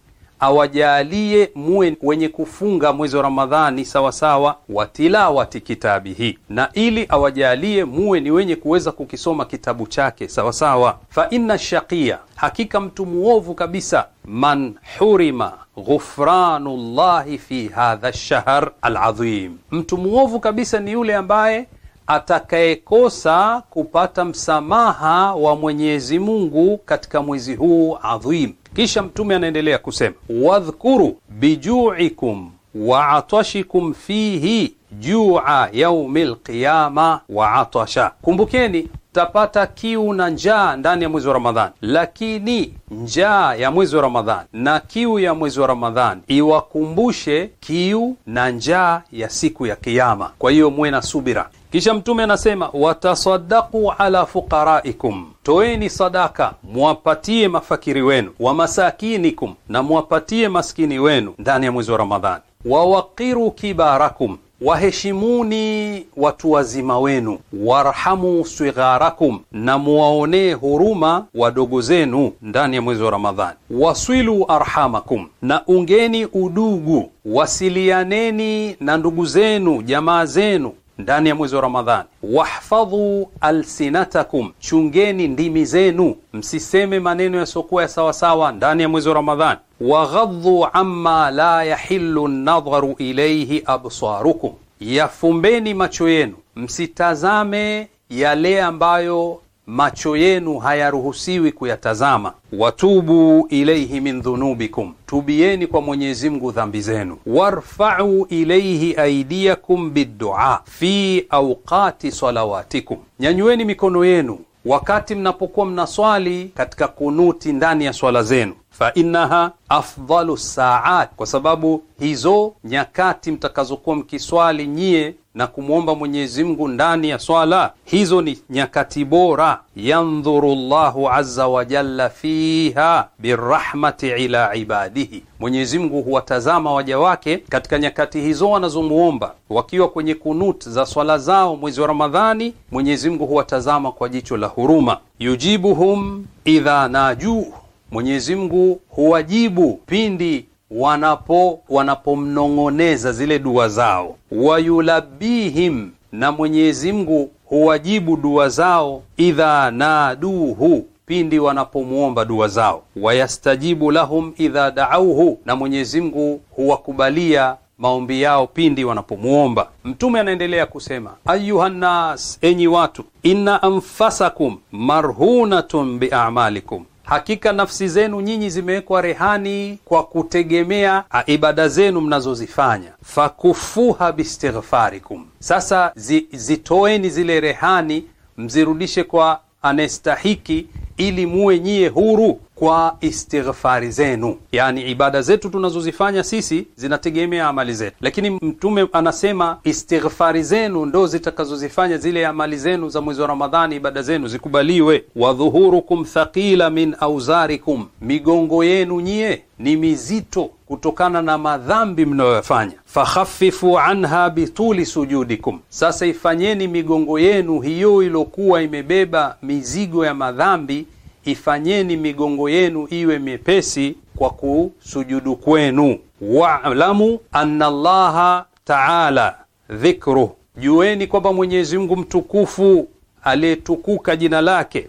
awajalie muwe wenye kufunga mwezi wa Ramadhani sawasawa watilawati kitabihi, na ili awajalie muwe ni wenye kuweza kukisoma kitabu chake sawasawa. Fa inna shaqiya, hakika mtu muovu kabisa, man hurima ghufranu llahi fi hadha lshahr aladhim, mtu muovu kabisa ni yule ambaye atakayekosa kupata msamaha wa Mwenyezi Mungu katika mwezi huu adhim. Kisha Mtume anaendelea kusema wadhkuru bijuikum wa atashikum fihi jua yaumi lqiyama wa atasha, kumbukeni tapata kiu na njaa ndani ya mwezi wa Ramadhani, lakini njaa ya mwezi wa Ramadhani na kiu ya mwezi wa Ramadhani iwakumbushe kiu na njaa ya siku ya Kiyama. Kwa hiyo muwe na subira. Kisha Mtume anasema watasadaku ala fuqaraikum, toeni sadaka mwapatie mafakiri wenu, wa masakinikum, na mwapatie maskini wenu ndani ya mwezi wa Ramadhani, wawakiru kibarakum Waheshimuni watu wazima wenu, warhamu swigharakum na muwaonee huruma wadogo zenu ndani ya mwezi wa Ramadhani. Waswilu arhamakum, na ungeni udugu, wasilianeni na ndugu zenu, jamaa zenu ndani ya mwezi wa Ramadhani, wahfadhu alsinatakum, chungeni ndimi zenu, msiseme maneno yasiokuwa ya sawasawa ndani ya mwezi wa Ramadhani. Waghadhu amma la yahillu nadharu ilayhi absarukum, yafumbeni macho yenu, msitazame yale ambayo macho yenu hayaruhusiwi kuyatazama. Watubu ilaihi min dhunubikum, tubieni kwa Mwenyezi Mungu dhambi zenu. Warfau ilaihi aidiakum biddua fi auqati salawatikum, nyanyueni mikono yenu wakati mnapokuwa mnaswali katika kunuti ndani ya swala zenu fa innaha afdalu saat, kwa sababu hizo nyakati mtakazokuwa mkiswali nyie na kumwomba Mwenyezi Mungu ndani ya swala hizo ni nyakati bora. Yandhuru llahu azza wa jalla fiha birahmati ila ibadihi, Mwenyezi Mungu huwatazama waja wake katika nyakati hizo wanazomwomba wakiwa kwenye kunut za swala zao mwezi wa Ramadhani. Mwenyezi Mungu huwatazama kwa jicho la huruma. Yujibuhum idha najuu Mwenyezi Mungu huwajibu pindi wanapo wanapomnong'oneza zile dua zao, wayulabihim, na Mwenyezi Mungu huwajibu dua zao, idha naduhu pindi wanapomwomba dua zao, wayastajibu lahum idha daauhu, na Mwenyezi Mungu huwakubalia maombi yao pindi wanapomwomba. Mtume anaendelea kusema, ayuhannas, enyi watu, inna anfasakum marhunatun biamalikum Hakika nafsi zenu nyinyi zimewekwa rehani kwa kutegemea ah, ibada zenu mnazozifanya. fakufuha bistighfarikum, sasa zi, zitoeni zile rehani mzirudishe kwa anayestahiki, ili muwe nyiye huru kwa istighfari zenu. Yani, ibada zetu tunazozifanya sisi zinategemea amali zetu, lakini Mtume anasema istighfari zenu ndo zitakazozifanya zile amali zenu za mwezi wa Ramadhani, ibada zenu zikubaliwe. dhuhurukum thaqila min auzarikum, migongo yenu nyie ni mizito kutokana na madhambi mnayoyafanya. Fakhaffifu anha bituli sujudikum, sasa ifanyeni migongo yenu hiyo iliokuwa imebeba mizigo ya madhambi ifanyeni migongo yenu iwe mepesi kwa kusujudu kwenu. Walamu anna llaha taala dhikruh, jueni kwamba Mwenyezi Mungu mtukufu aliyetukuka jina lake,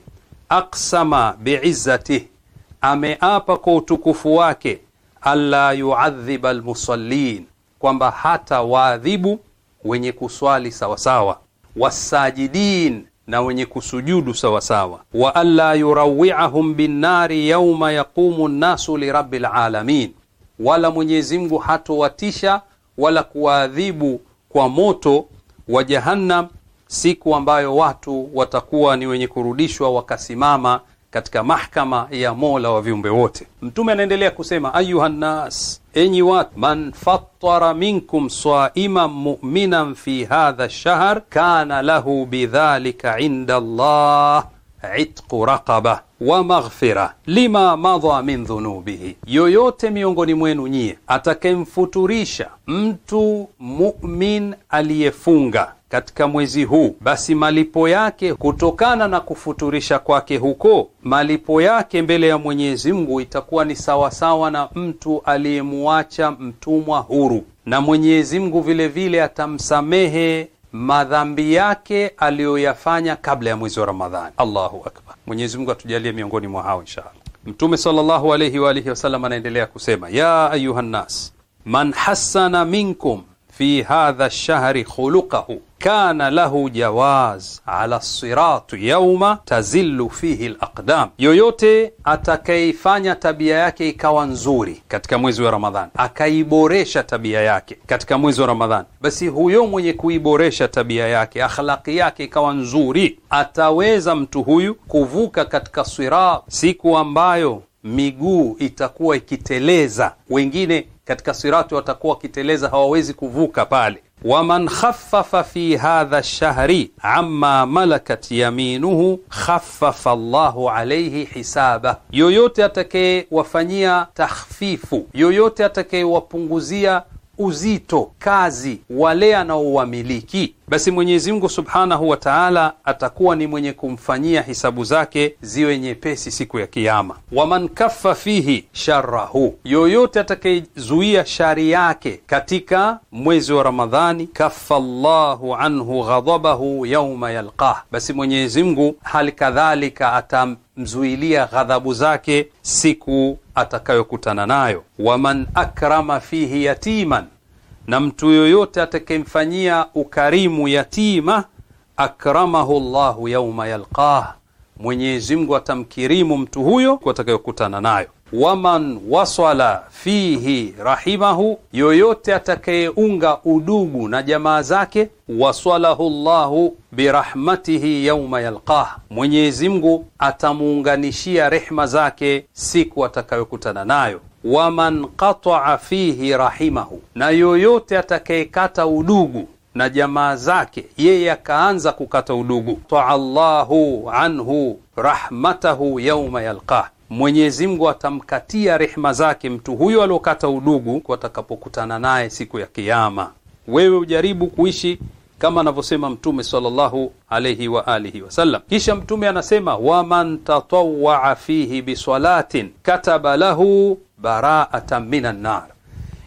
aksama biizzatih, ameapa kwa utukufu wake, alla yuadhiba lmusallin, kwamba hata waadhibu wenye kuswali sawasawa, wasajidin na wenye kusujudu sawasawa, wa alla yurawiahum binnari yauma yaqumu nnasu lirabbil alamin, wala Mwenyezi Mungu hatowatisha wala kuwaadhibu kwa moto wa Jahannam, siku ambayo watu watakuwa ni wenye kurudishwa wakasimama katika mahkama ya Mola wa viumbe wote. Mtume anaendelea kusema ayuha nnas enyi watu, man fattara minkum saiman muminan fi hadha lshahr kana lahu bidhalika inda Allah itqu raqaba wa maghfira lima madha min dhunubihi, yoyote miongoni mwenu nyie atakayemfuturisha mtu mumin aliyefunga katika mwezi huu, basi malipo yake kutokana na kufuturisha kwake huko, malipo yake mbele ya Mwenyezi Mungu itakuwa ni sawasawa na mtu aliyemuacha mtumwa huru, na Mwenyezi Mungu vile vile atamsamehe madhambi yake aliyoyafanya kabla ya mwezi wa Ramadhani. Allahu akbar! Mwenyezi Mungu atujalie miongoni mwa hao insha Allah. Mtume sallallahu alayhi wa alihi wasallam anaendelea kusema, ya ayuha nnas man hassana minkum fi hadha lshahri khuluqahu kana lahu jawaz ala sirat yauma tazilu fihi laqdam, yoyote atakayeifanya tabia yake ikawa nzuri katika mwezi wa Ramadhani, akaiboresha tabia yake katika mwezi wa Ramadhani, basi huyo mwenye kuiboresha tabia yake, akhlaqi yake ikawa nzuri, ataweza mtu huyu kuvuka katika sirat, siku ambayo miguu itakuwa ikiteleza, wengine katika sirati watakuwa wakiteleza, hawawezi kuvuka pale. Waman khaffafa fi hadha lshahri amma malakat yaminuhu khaffafa llahu alaihi hisaba, yoyote atakayewafanyia takhfifu, yoyote atakayewapunguzia uzito kazi wale anaowamiliki, basi Mwenyezi Mungu subhanahu wa taala atakuwa ni mwenye kumfanyia hisabu zake ziwe nyepesi siku ya wa Waman kaffa fihi sharahu yoyote atakayezuia shari yake katika mwezi wa Ramadhani, kaffa llahu anhu ghadabahu yauma yalqah, basi Mwenyezi Mungu hali kadhalika atam mzuilia ghadhabu zake siku atakayokutana nayo. Waman akrama fihi yatiman, na mtu yoyote atakayemfanyia ukarimu yatima, akramahu llahu yauma yalqah, Mwenyezi Mungu atamkirimu mtu huyo atakayokutana nayo waman wasala fihi rahimahu, yoyote atakayeunga udugu na jamaa zake, wasalahu llahu birahmatihi yauma yalqah, Mwenyezi Mungu atamuunganishia rehma zake siku atakayokutana nayo. Waman qataa fihi rahimahu, na yoyote atakayekata udugu na jamaa zake, yeye akaanza kukata udugu, taa llahu anhu rahmatahu yauma yalqah Mwenyezi Mungu atamkatia rehema zake mtu huyo aliokata udugu watakapokutana naye siku ya Kiyama. Wewe ujaribu kuishi kama anavyosema Mtume sallallahu alayhi wa alihi wasallam. Kisha Mtume anasema waman tatawaa fihi bisalatin kataba lahu baraatan minan nar,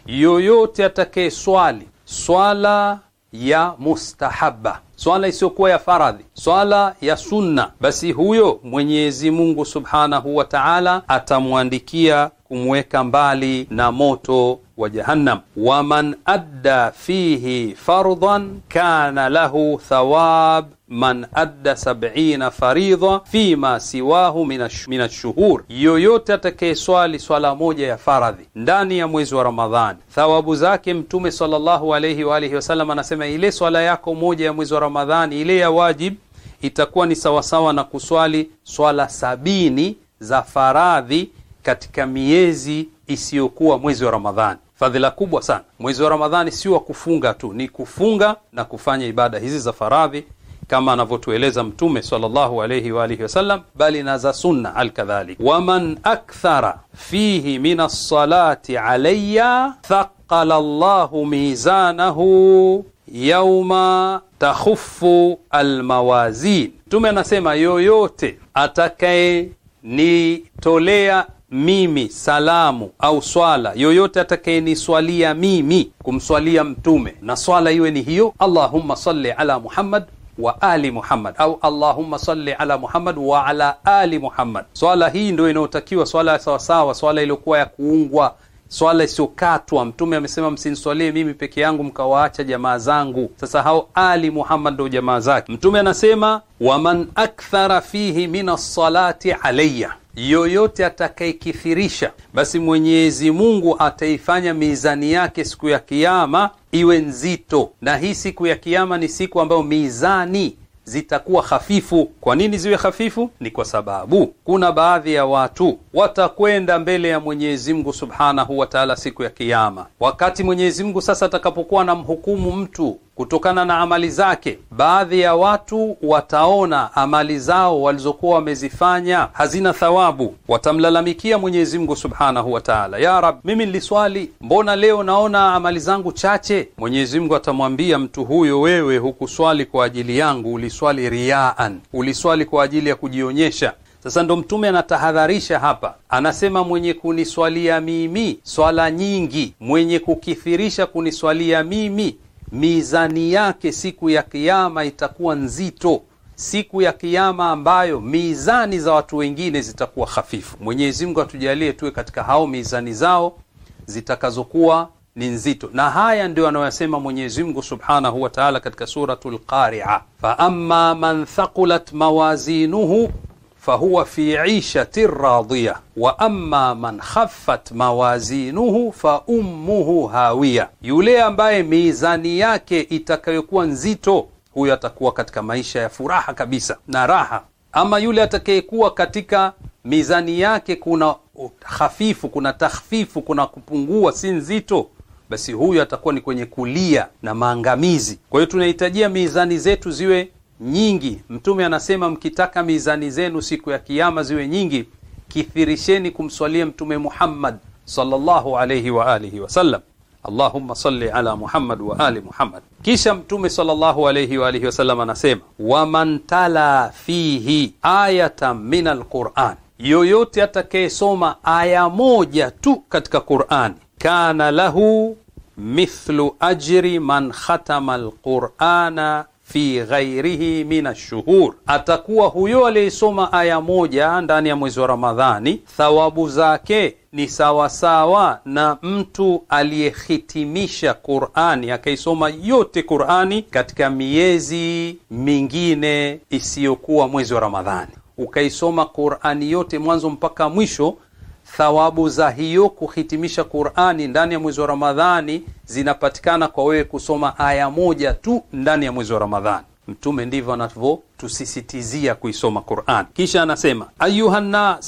yoyote atakayeswali swala ya mustahaba, swala isiyokuwa ya faradhi, swala ya sunna, basi huyo Mwenyezi Mungu subhanahu wa taala atamwandikia kumweka mbali na moto wa Jahannam. Waman adda fihi fardhan kana lahu thawab man adda sab'ina faridha fima siwahu min ashuhur, yoyote atakayeswali swala moja ya faradhi ndani ya mwezi wa Ramadhani, thawabu zake. Mtume sallallahu alayhi wa alihi wasallam anasema ile swala yako moja ya mwezi wa Ramadhani, ile ya wajib, itakuwa ni sawasawa na kuswali swala sabini za faradhi katika miezi isiyokuwa mwezi wa Ramadhani. Fadhila kubwa sana. Mwezi wa Ramadhani si wa kufunga tu, ni kufunga na kufanya ibada hizi za faradhi kama anavyotueleza Mtume sallallahu alayhi wa alihi wasallam, bali na za sunna alkadhalik. Waman akthara fihi min as-salati alayya thaqala Allahu mizanahu yauma takhufu almawazin. Mtume anasema yoyote atakayenitolea mimi salamu au swala yoyote atakayeniswalia mimi, kumswalia mtume na swala iwe ni hiyo, Allahumma salli ala Muhammad wa ali Muhammad au allahumma salli ala Muhammad wa ala ali Muhammad. Swala hii ndio inayotakiwa, swala sawasawa, swala iliyokuwa ya kuungwa, swala isiyokatwa. Mtume amesema, msiniswalie mimi peke yangu mkawaacha jamaa zangu. Sasa hao ali Muhammad ndio jamaa zake. Mtume anasema, waman akthara fihi min alsalati alayya yoyote atakayekithirisha, basi Mwenyezi Mungu ataifanya mizani yake siku ya Kiyama iwe nzito, na hii siku ya kiama ni siku ambayo mizani zitakuwa hafifu. Kwa nini ziwe hafifu? Ni kwa sababu kuna baadhi ya watu watakwenda mbele ya Mwenyezi Mungu Subhanahu wa Ta'ala siku ya kiama wakati Mwenyezi Mungu sasa atakapokuwa anamhukumu mtu kutokana na amali zake. Baadhi ya watu wataona amali zao walizokuwa wamezifanya hazina thawabu, watamlalamikia Mwenyezi Mungu subhanahu wataala, ya Rab, mimi niliswali, mbona leo naona amali zangu chache? Mwenyezi Mungu atamwambia mtu huyo, wewe hukuswali kwa ajili yangu, uliswali riaan, uliswali kwa ajili ya kujionyesha. Sasa ndo Mtume anatahadharisha hapa, anasema mwenye kuniswalia mimi swala nyingi, mwenye kukithirisha kuniswalia mimi mizani yake siku ya Kiyama itakuwa nzito, siku ya Kiyama ambayo mizani za watu wengine zitakuwa hafifu. Mwenyezi Mungu atujalie tuwe katika hao mizani zao zitakazokuwa ni nzito, na haya ndio anayoyasema Mwenyezi Mungu Subhanahu wa Ta'ala katika suratul Qari'a, fa amma man thaqulat mawazinuhu fahuwa fi ishati radhiya wa amma man khaffat mawazinuhu fa ummuhu hawiya, yule ambaye mizani yake itakayokuwa nzito, huyo atakuwa katika maisha ya furaha kabisa na raha. Ama yule atakayekuwa katika mizani yake kuna hafifu, kuna takhfifu, kuna kupungua, si nzito, basi huyo atakuwa ni kwenye kulia na maangamizi. Kwa hiyo tunahitajia mizani zetu ziwe nyingi. Mtume anasema mkitaka mizani zenu siku ya kiama ziwe nyingi, kithirisheni kumswalia Mtume Muhammad sallallahu alayhi wa alihi wasallam. Allahumma salli ala Muhammad wa ali Muhammad. Kisha Mtume sallallahu alayhi wa alihi wasallam anasema waman tala fihi ayatan min alquran, yoyote atakayesoma aya moja tu katika Qurani, kana lahu mithlu ajri man khatama alqurana fi ghairihi min ashuhur, atakuwa huyo aliyesoma aya moja ndani ya mwezi wa Ramadhani, thawabu zake ni sawasawa na mtu aliyehitimisha Qur'ani akaisoma yote Qur'ani katika miezi mingine isiyokuwa mwezi wa Ramadhani, ukaisoma Qur'ani yote mwanzo mpaka mwisho thawabu za hiyo kuhitimisha Qur'ani ndani ya mwezi wa Ramadhani zinapatikana kwa wewe kusoma aya moja tu ndani ya mwezi wa Ramadhani. Mtume ndivyo anavyotusisitizia kuisoma Qur'an. Kisha anasema ayuha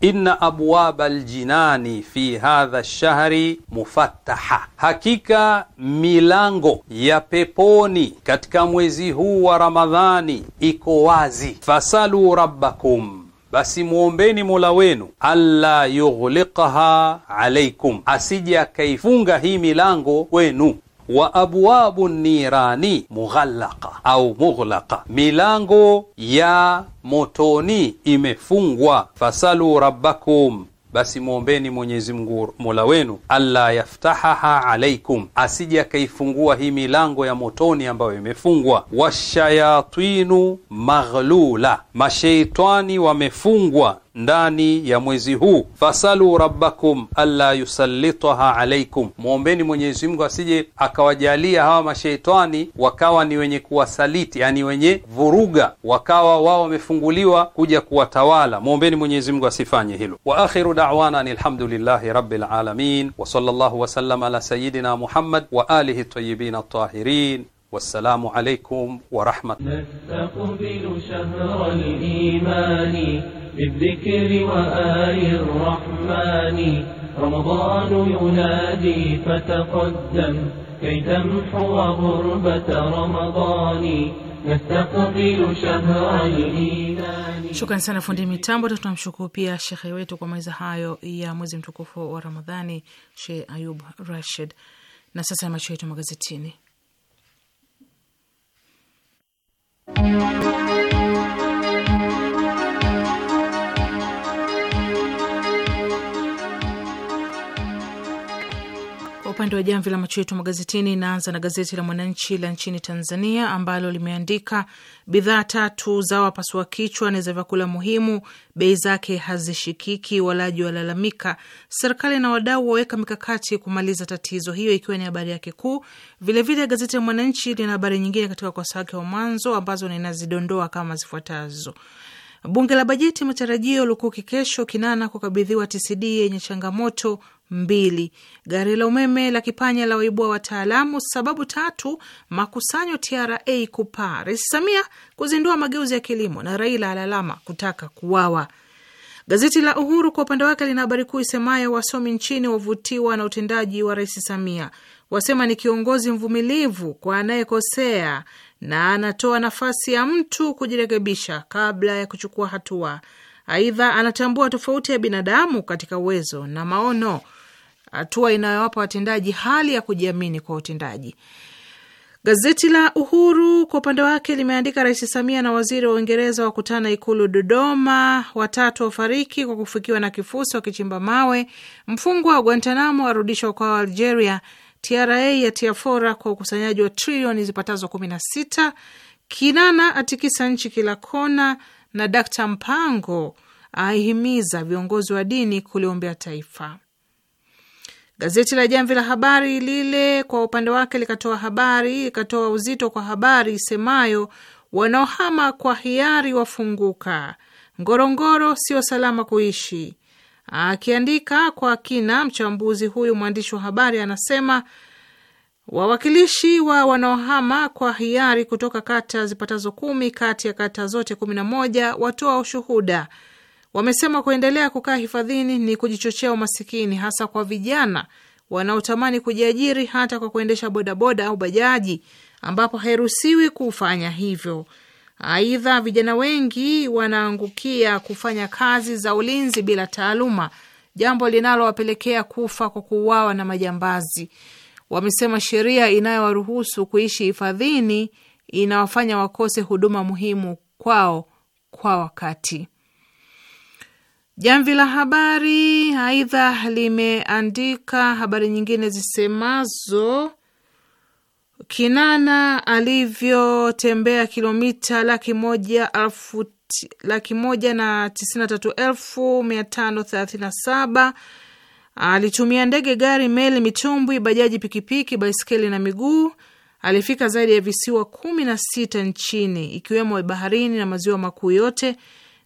inna abwaba aljinani fi hadha lshahri mufattaha, hakika milango ya peponi katika mwezi huu wa Ramadhani iko wazi. Fasalu rabbakum basi mwombeni Mola wenu alla yughliqaha alaikum, asije akaifunga hii milango kwenu wa abwabu nirani mughallaqa au mughlaqa, milango ya motoni imefungwa. Fasalu rabbakum basi mwombeni Mwenyezi Mungu mola wenu alla yaftahaha alaikum, asije akaifungua hii milango ya motoni ambayo imefungwa. Washayatinu maghlula, masheitani wamefungwa ndani ya mwezi huu, fasalu rabbakum alla yusallitaha alaikum, mwombeni Mwenyezi Mungu asije akawajalia hawa masheitani wakawa ni wenye kuwasaliti, yani wenye vuruga, wakawa wao wamefunguliwa kuja kuwatawala. Mwombeni Mwenyezi Mungu asifanye hilo. Wa akhiru da'wana alhamdulillahi rabbil alamin wa sallallahu wa sallam ala sayyidina Muhammad wa alihi tayyibin tahirin Wassalamu alaykum wa rahmatullah. بالذكر وآل الرحمن رمضان ينادي فتقدم كي تمحو غربة رمضان نستقبل شهر الإيمان. Shukran sana fundi mitambo. Tunamshukuru pia shekhe wetu kwa maweza hayo ya mwezi mtukufu wa Ramadhani, Sheikh Ayub Rashid. Na sasa macho yetu magazetini Upande wa jamvi la macho yetu magazetini, inaanza na gazeti la Mwananchi la nchini Tanzania ambalo limeandika bidhaa tatu za wapasua kichwa ni za vyakula muhimu, bei zake hazishikiki, walaji walalamika, serikali na wadau waweka mikakati kumaliza tatizo, hiyo ikiwa ni habari yake kuu. Vilevile gazeti la Mwananchi lina habari nyingine katika ukurasa wake wa mwanzo ambazo ninazidondoa kama zifuatazo: Bunge la bajeti matarajio lukuki kesho Kinana kukabidhiwa TCD yenye changamoto mbili. Gari la umeme la Kipanya la waibua wataalamu. Sababu tatu: makusanyo TRA kupaa. Rais Samia kuzindua mageuzi ya kilimo na Raila alalama kutaka kuwawa. Gazeti la Uhuru kwa upande wake lina habari kuu isemayo wasomi nchini wavutiwa na utendaji wa Rais Samia, wasema ni kiongozi mvumilivu kwa anayekosea na anatoa nafasi ya mtu kujirekebisha kabla ya kuchukua hatua. Aidha, anatambua tofauti ya binadamu katika uwezo na maono, hatua inayowapa watendaji hali ya kujiamini kwa utendaji. Gazeti la Uhuru kwa upande wake limeandika, Rais Samia na waziri wa Uingereza wakutana Ikulu Dodoma, watatu wafariki kwa kufikiwa na kifusi wakichimba mawe, mfungwa wa Guantanamo arudishwa kwa Algeria, TRA yatia fora kwa ukusanyaji wa trilioni zipatazo kumi sita. Kinana atikisa nchi kila kona, na Dkt Mpango aihimiza viongozi wa dini kuliombea taifa. Gazeti la Jamvi la Habari lile kwa upande wake likatoa habari ikatoa uzito kwa habari isemayo wanaohama kwa hiari wafunguka, Ngorongoro sio salama kuishi, Akiandika kwa kina, mchambuzi huyu mwandishi wa habari anasema wawakilishi wa wanaohama kwa hiari kutoka kata zipatazo kumi kati ya kata zote kumi na moja watoa ushuhuda wamesema kuendelea kukaa hifadhini ni kujichochea umasikini, hasa kwa vijana wanaotamani kujiajiri hata kwa kuendesha bodaboda au bajaji, ambapo hairuhusiwi kufanya hivyo. Aidha, vijana wengi wanaangukia kufanya kazi za ulinzi bila taaluma, jambo linalowapelekea kufa kwa kuuawa na majambazi. Wamesema sheria inayowaruhusu kuishi hifadhini inawafanya wakose huduma muhimu kwao kwa wakati. Jamvi la Habari aidha limeandika habari nyingine zisemazo Kinana alivyotembea kilomita laki moja alfu laki moja na tisini na tatu elfu mia tano thelathini na saba alitumia ndege, gari, meli, mitumbwi, bajaji, pikipiki, baiskeli na miguu. Alifika zaidi ya visiwa kumi na sita nchini ikiwemo baharini na maziwa makuu yote,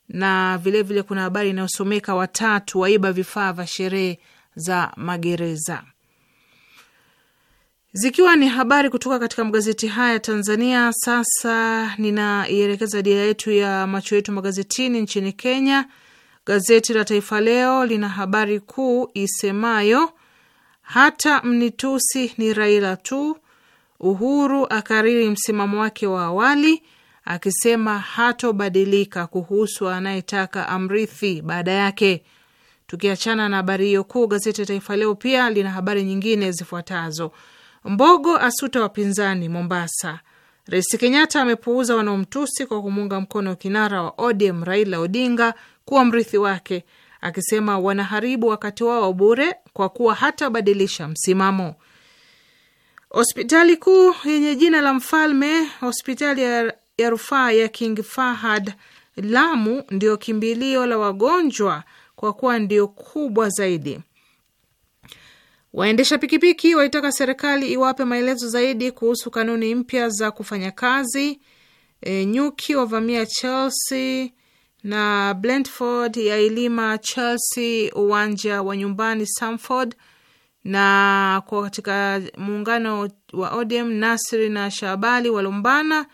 na vilevile vile kuna habari inayosomeka watatu waiba vifaa vya sherehe za magereza zikiwa ni habari kutoka katika magazeti haya Tanzania. Sasa ninaielekeza dia yetu ya macho yetu magazetini nchini Kenya. Gazeti la Taifa Leo lina habari kuu isemayo hata mnitusi ni Raila tu. Uhuru akariri msimamo wake wa awali akisema hatobadilika kuhusu anayetaka amrithi baada yake. Tukiachana na habari hiyo kuu, gazeti la Taifa Leo pia lina habari nyingine zifuatazo: Mbogo asuta wapinzani Mombasa. Rais Kenyatta amepuuza wanaomtusi kwa kumuunga mkono kinara wa ODM Raila Odinga kuwa mrithi wake, akisema wanaharibu wakati wao wa bure kwa kuwa hatabadilisha msimamo. Hospitali kuu yenye jina la Mfalme, hospitali ya, ya rufaa ya King Fahad Lamu, ndio kimbilio la wagonjwa kwa kuwa ndio kubwa zaidi. Waendesha pikipiki waitaka serikali iwape maelezo zaidi kuhusu kanuni mpya za kufanya kazi. E, nyuki wavamia Chelsea na Brentford yailima Chelsea uwanja wa nyumbani Stamford. Na kwa katika muungano wa ODM Nasri na Shabali walumbana.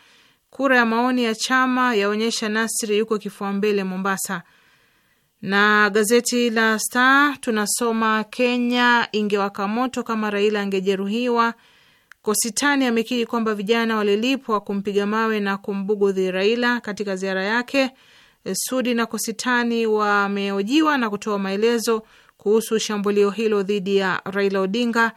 Kura ya maoni ya chama yaonyesha Nasri yuko kifua mbele Mombasa na gazeti la Star tunasoma Kenya ingewaka moto kama Raila angejeruhiwa. Kositani amekiri kwamba vijana walilipwa kumpiga mawe na kumbugudhi Raila katika ziara yake. Sudi na Kositani wameojiwa na kutoa maelezo kuhusu shambulio hilo dhidi ya Raila Odinga.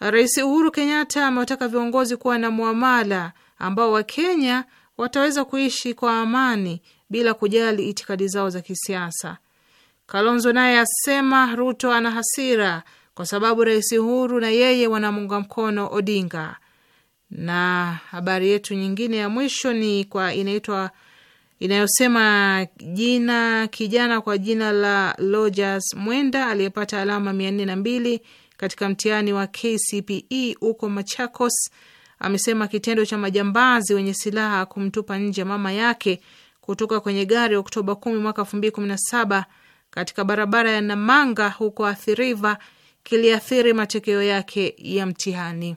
Rais Uhuru Kenyatta amewataka viongozi kuwa na mwamala ambao Wakenya wataweza kuishi kwa amani bila kujali itikadi zao za kisiasa. Kalonzo naye asema Ruto ana hasira kwa sababu Rais Uhuru na yeye wanamuunga mkono Odinga. Na habari yetu nyingine ya mwisho ni kwa inaitwa inayosema jina kijana kwa jina la Lojas Mwenda aliyepata alama mia nne na mbili katika mtihani wa KCPE huko Machakos amesema kitendo cha majambazi wenye silaha kumtupa nje mama yake kutoka kwenye gari Oktoba 10 mwaka saba katika barabara ya Namanga huko Athiriva kiliathiri matokeo yake ya mtihani.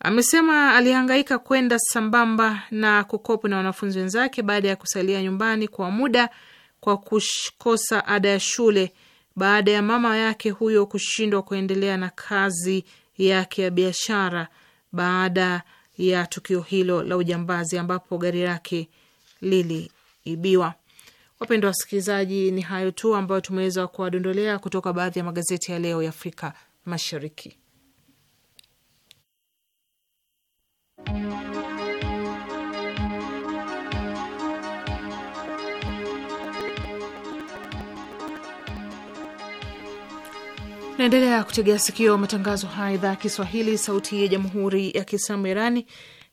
Amesema alihangaika kwenda sambamba na kukopa na wanafunzi wenzake baada ya kusalia nyumbani kwa muda kwa kukosa ada ya shule baada ya mama yake huyo kushindwa kuendelea na kazi yake ya biashara baada ya tukio hilo la ujambazi ambapo gari lake liliibiwa. Wapendwa wasikilizaji, ni hayo tu ambayo tumeweza kuwadondolea kutoka baadhi ya magazeti ya leo ya Afrika Mashariki. Naendelea kutegea sikio matangazo haya, idhaa ya Kiswahili, sauti ya jamhuri ya kiislamu Irani.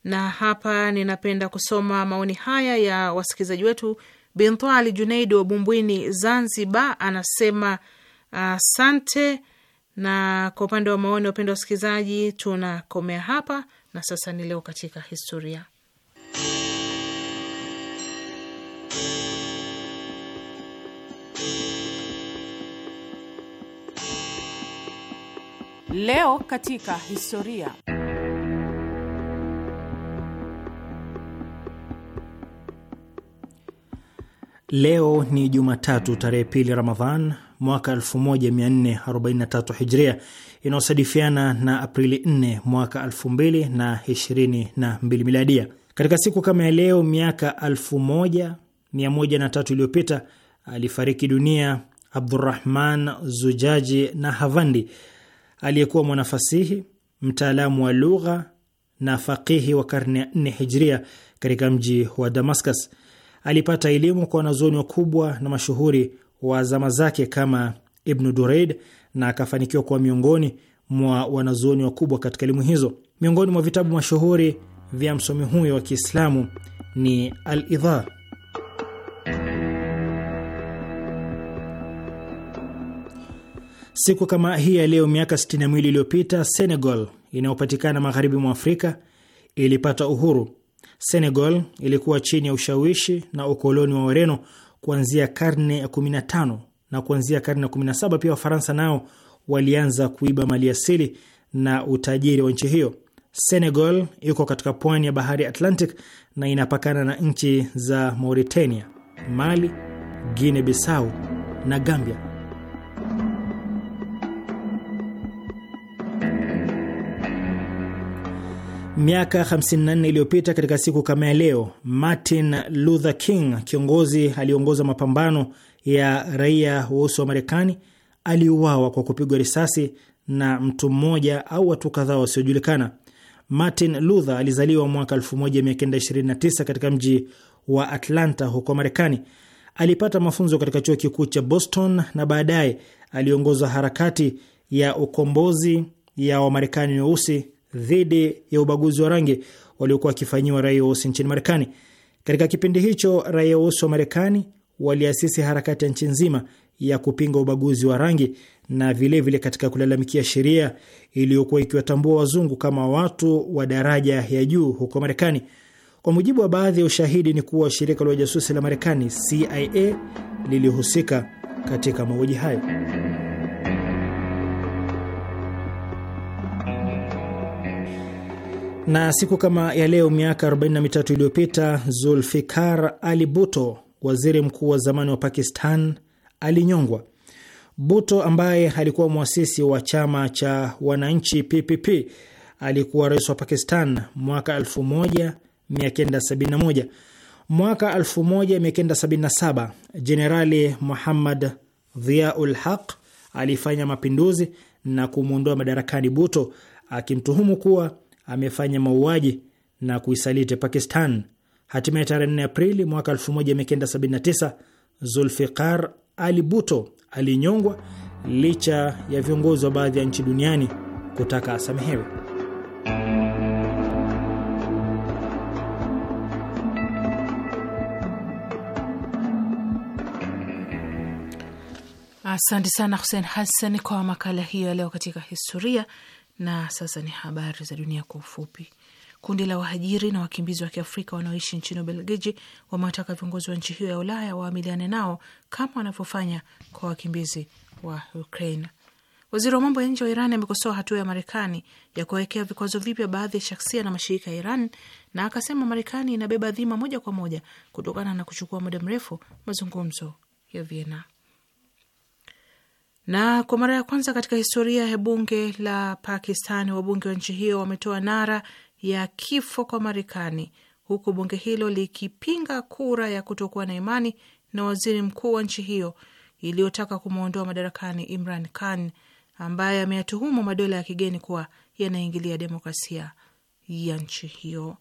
Na hapa ninapenda kusoma maoni haya ya wasikilizaji wetu Bintoa Junaidi wa Bumbwini, Zanzibar, anasema ah, asante. Uh, na kwa upande wa maoni, wapendwa wasikilizaji, tunakomea hapa na sasa ni leo katika historia. Leo katika historia Leo ni Jumatatu tarehe pili Ramadhan mwaka 1443 Hijria inayosadifiana na Aprili 4 mwaka 2022 Miladia. Katika siku kama ya leo miaka 1103 iliyopita alifariki dunia Abdurrahman Zujaji na Havandi aliyekuwa mwanafasihi, mtaalamu wa lugha na faqihi wa karne ya 4 Hijria katika mji wa Damascus. Alipata elimu kwa wanazuoni wakubwa na mashuhuri wa zama zake kama Ibnu Dureid na akafanikiwa kuwa miongoni mwa wanazuoni wakubwa katika elimu hizo. Miongoni mwa vitabu mashuhuri vya msomi huyo wa Kiislamu ni Al-Idha. Siku kama hii ya leo miaka 62 iliyopita, Senegal inayopatikana magharibi mwa Afrika ilipata uhuru. Senegal ilikuwa chini ya ushawishi na ukoloni wa Wareno kuanzia karne ya 15 na kuanzia karne ya 17 pia Wafaransa nao walianza kuiba maliasili na utajiri wa nchi hiyo. Senegal iko katika pwani ya bahari Atlantic na inapakana na nchi za Mauritania, Mali, Guinea Bissau na Gambia. Miaka 54 iliyopita katika siku kama ya leo, Martin Luther King, kiongozi aliyeongoza mapambano ya raia weusi wa Marekani, aliuawa kwa kupigwa risasi na mtu mmoja au watu kadhaa wasiojulikana. Martin Luther alizaliwa mwaka 1929 katika mji wa Atlanta huko Marekani. Alipata mafunzo katika chuo kikuu cha Boston na baadaye aliongoza harakati ya ukombozi ya Wamarekani weusi dhidi ya ubaguzi wa rangi waliokuwa wakifanyiwa raia weusi nchini Marekani. Katika kipindi hicho, raia weusi wa Marekani waliasisi harakati ya nchi nzima ya kupinga ubaguzi wa rangi na vilevile vile katika kulalamikia sheria iliyokuwa ikiwatambua wazungu kama watu wa daraja ya juu huko Marekani. Kwa mujibu wa baadhi ya ushahidi, ni kuwa shirika la ujasusi la Marekani CIA lilihusika katika mauaji hayo. Na siku kama ya leo miaka 43 iliyopita Zulfikar Ali buto waziri mkuu wa zamani wa Pakistan, alinyongwa. buto ambaye alikuwa mwasisi wa chama cha wananchi PPP alikuwa rais wa Pakistan mwaka 1971. Mwaka 1977 Jenerali Muhammad Dhiaul Haq alifanya mapinduzi na kumwondoa madarakani buto akimtuhumu kuwa amefanya mauaji na kuisaliti Pakistan. Hatimaye tarehe 4 Aprili mwaka 1979 Zulfiqar Ali Buto alinyongwa licha ya viongozi wa baadhi ya nchi duniani kutaka asamehewe. Asante sana Hussein Hassan kwa makala hiyo ya leo katika historia. Na sasa ni habari za dunia kwa ufupi. Kundi la wahajiri na wakimbizi wa kiafrika wanaoishi nchini Ubelgiji wamewataka viongozi wa nchi hiyo ya Ulaya waamiliane nao kama wanavyofanya kwa wakimbizi wa Ukraine. Waziri wa mambo ya nje wa Iran amekosoa hatua ya Marekani ya kuwawekea vikwazo vipya baadhi ya shaksia na mashirika ya Iran na akasema Marekani inabeba dhima moja kwa moja kutokana na kuchukua muda mrefu mazungumzo ya Vienna. Na kwa mara ya kwanza katika historia ya bunge la Pakistani, wabunge wa nchi hiyo wametoa nara ya kifo kwa Marekani, huku bunge hilo likipinga kura ya kutokuwa na imani na waziri mkuu wa nchi hiyo iliyotaka kumwondoa madarakani Imran Khan, ambaye ameyatuhumu madola ya kigeni kuwa yanaingilia demokrasia ya nchi hiyo.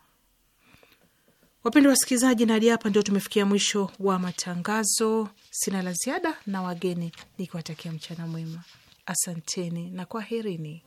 Wapendwa wasikilizaji, na hadi hapa ndio tumefikia mwisho wa matangazo. Sina la ziada na wageni nikiwatakia mchana mwema, asanteni na kwaherini.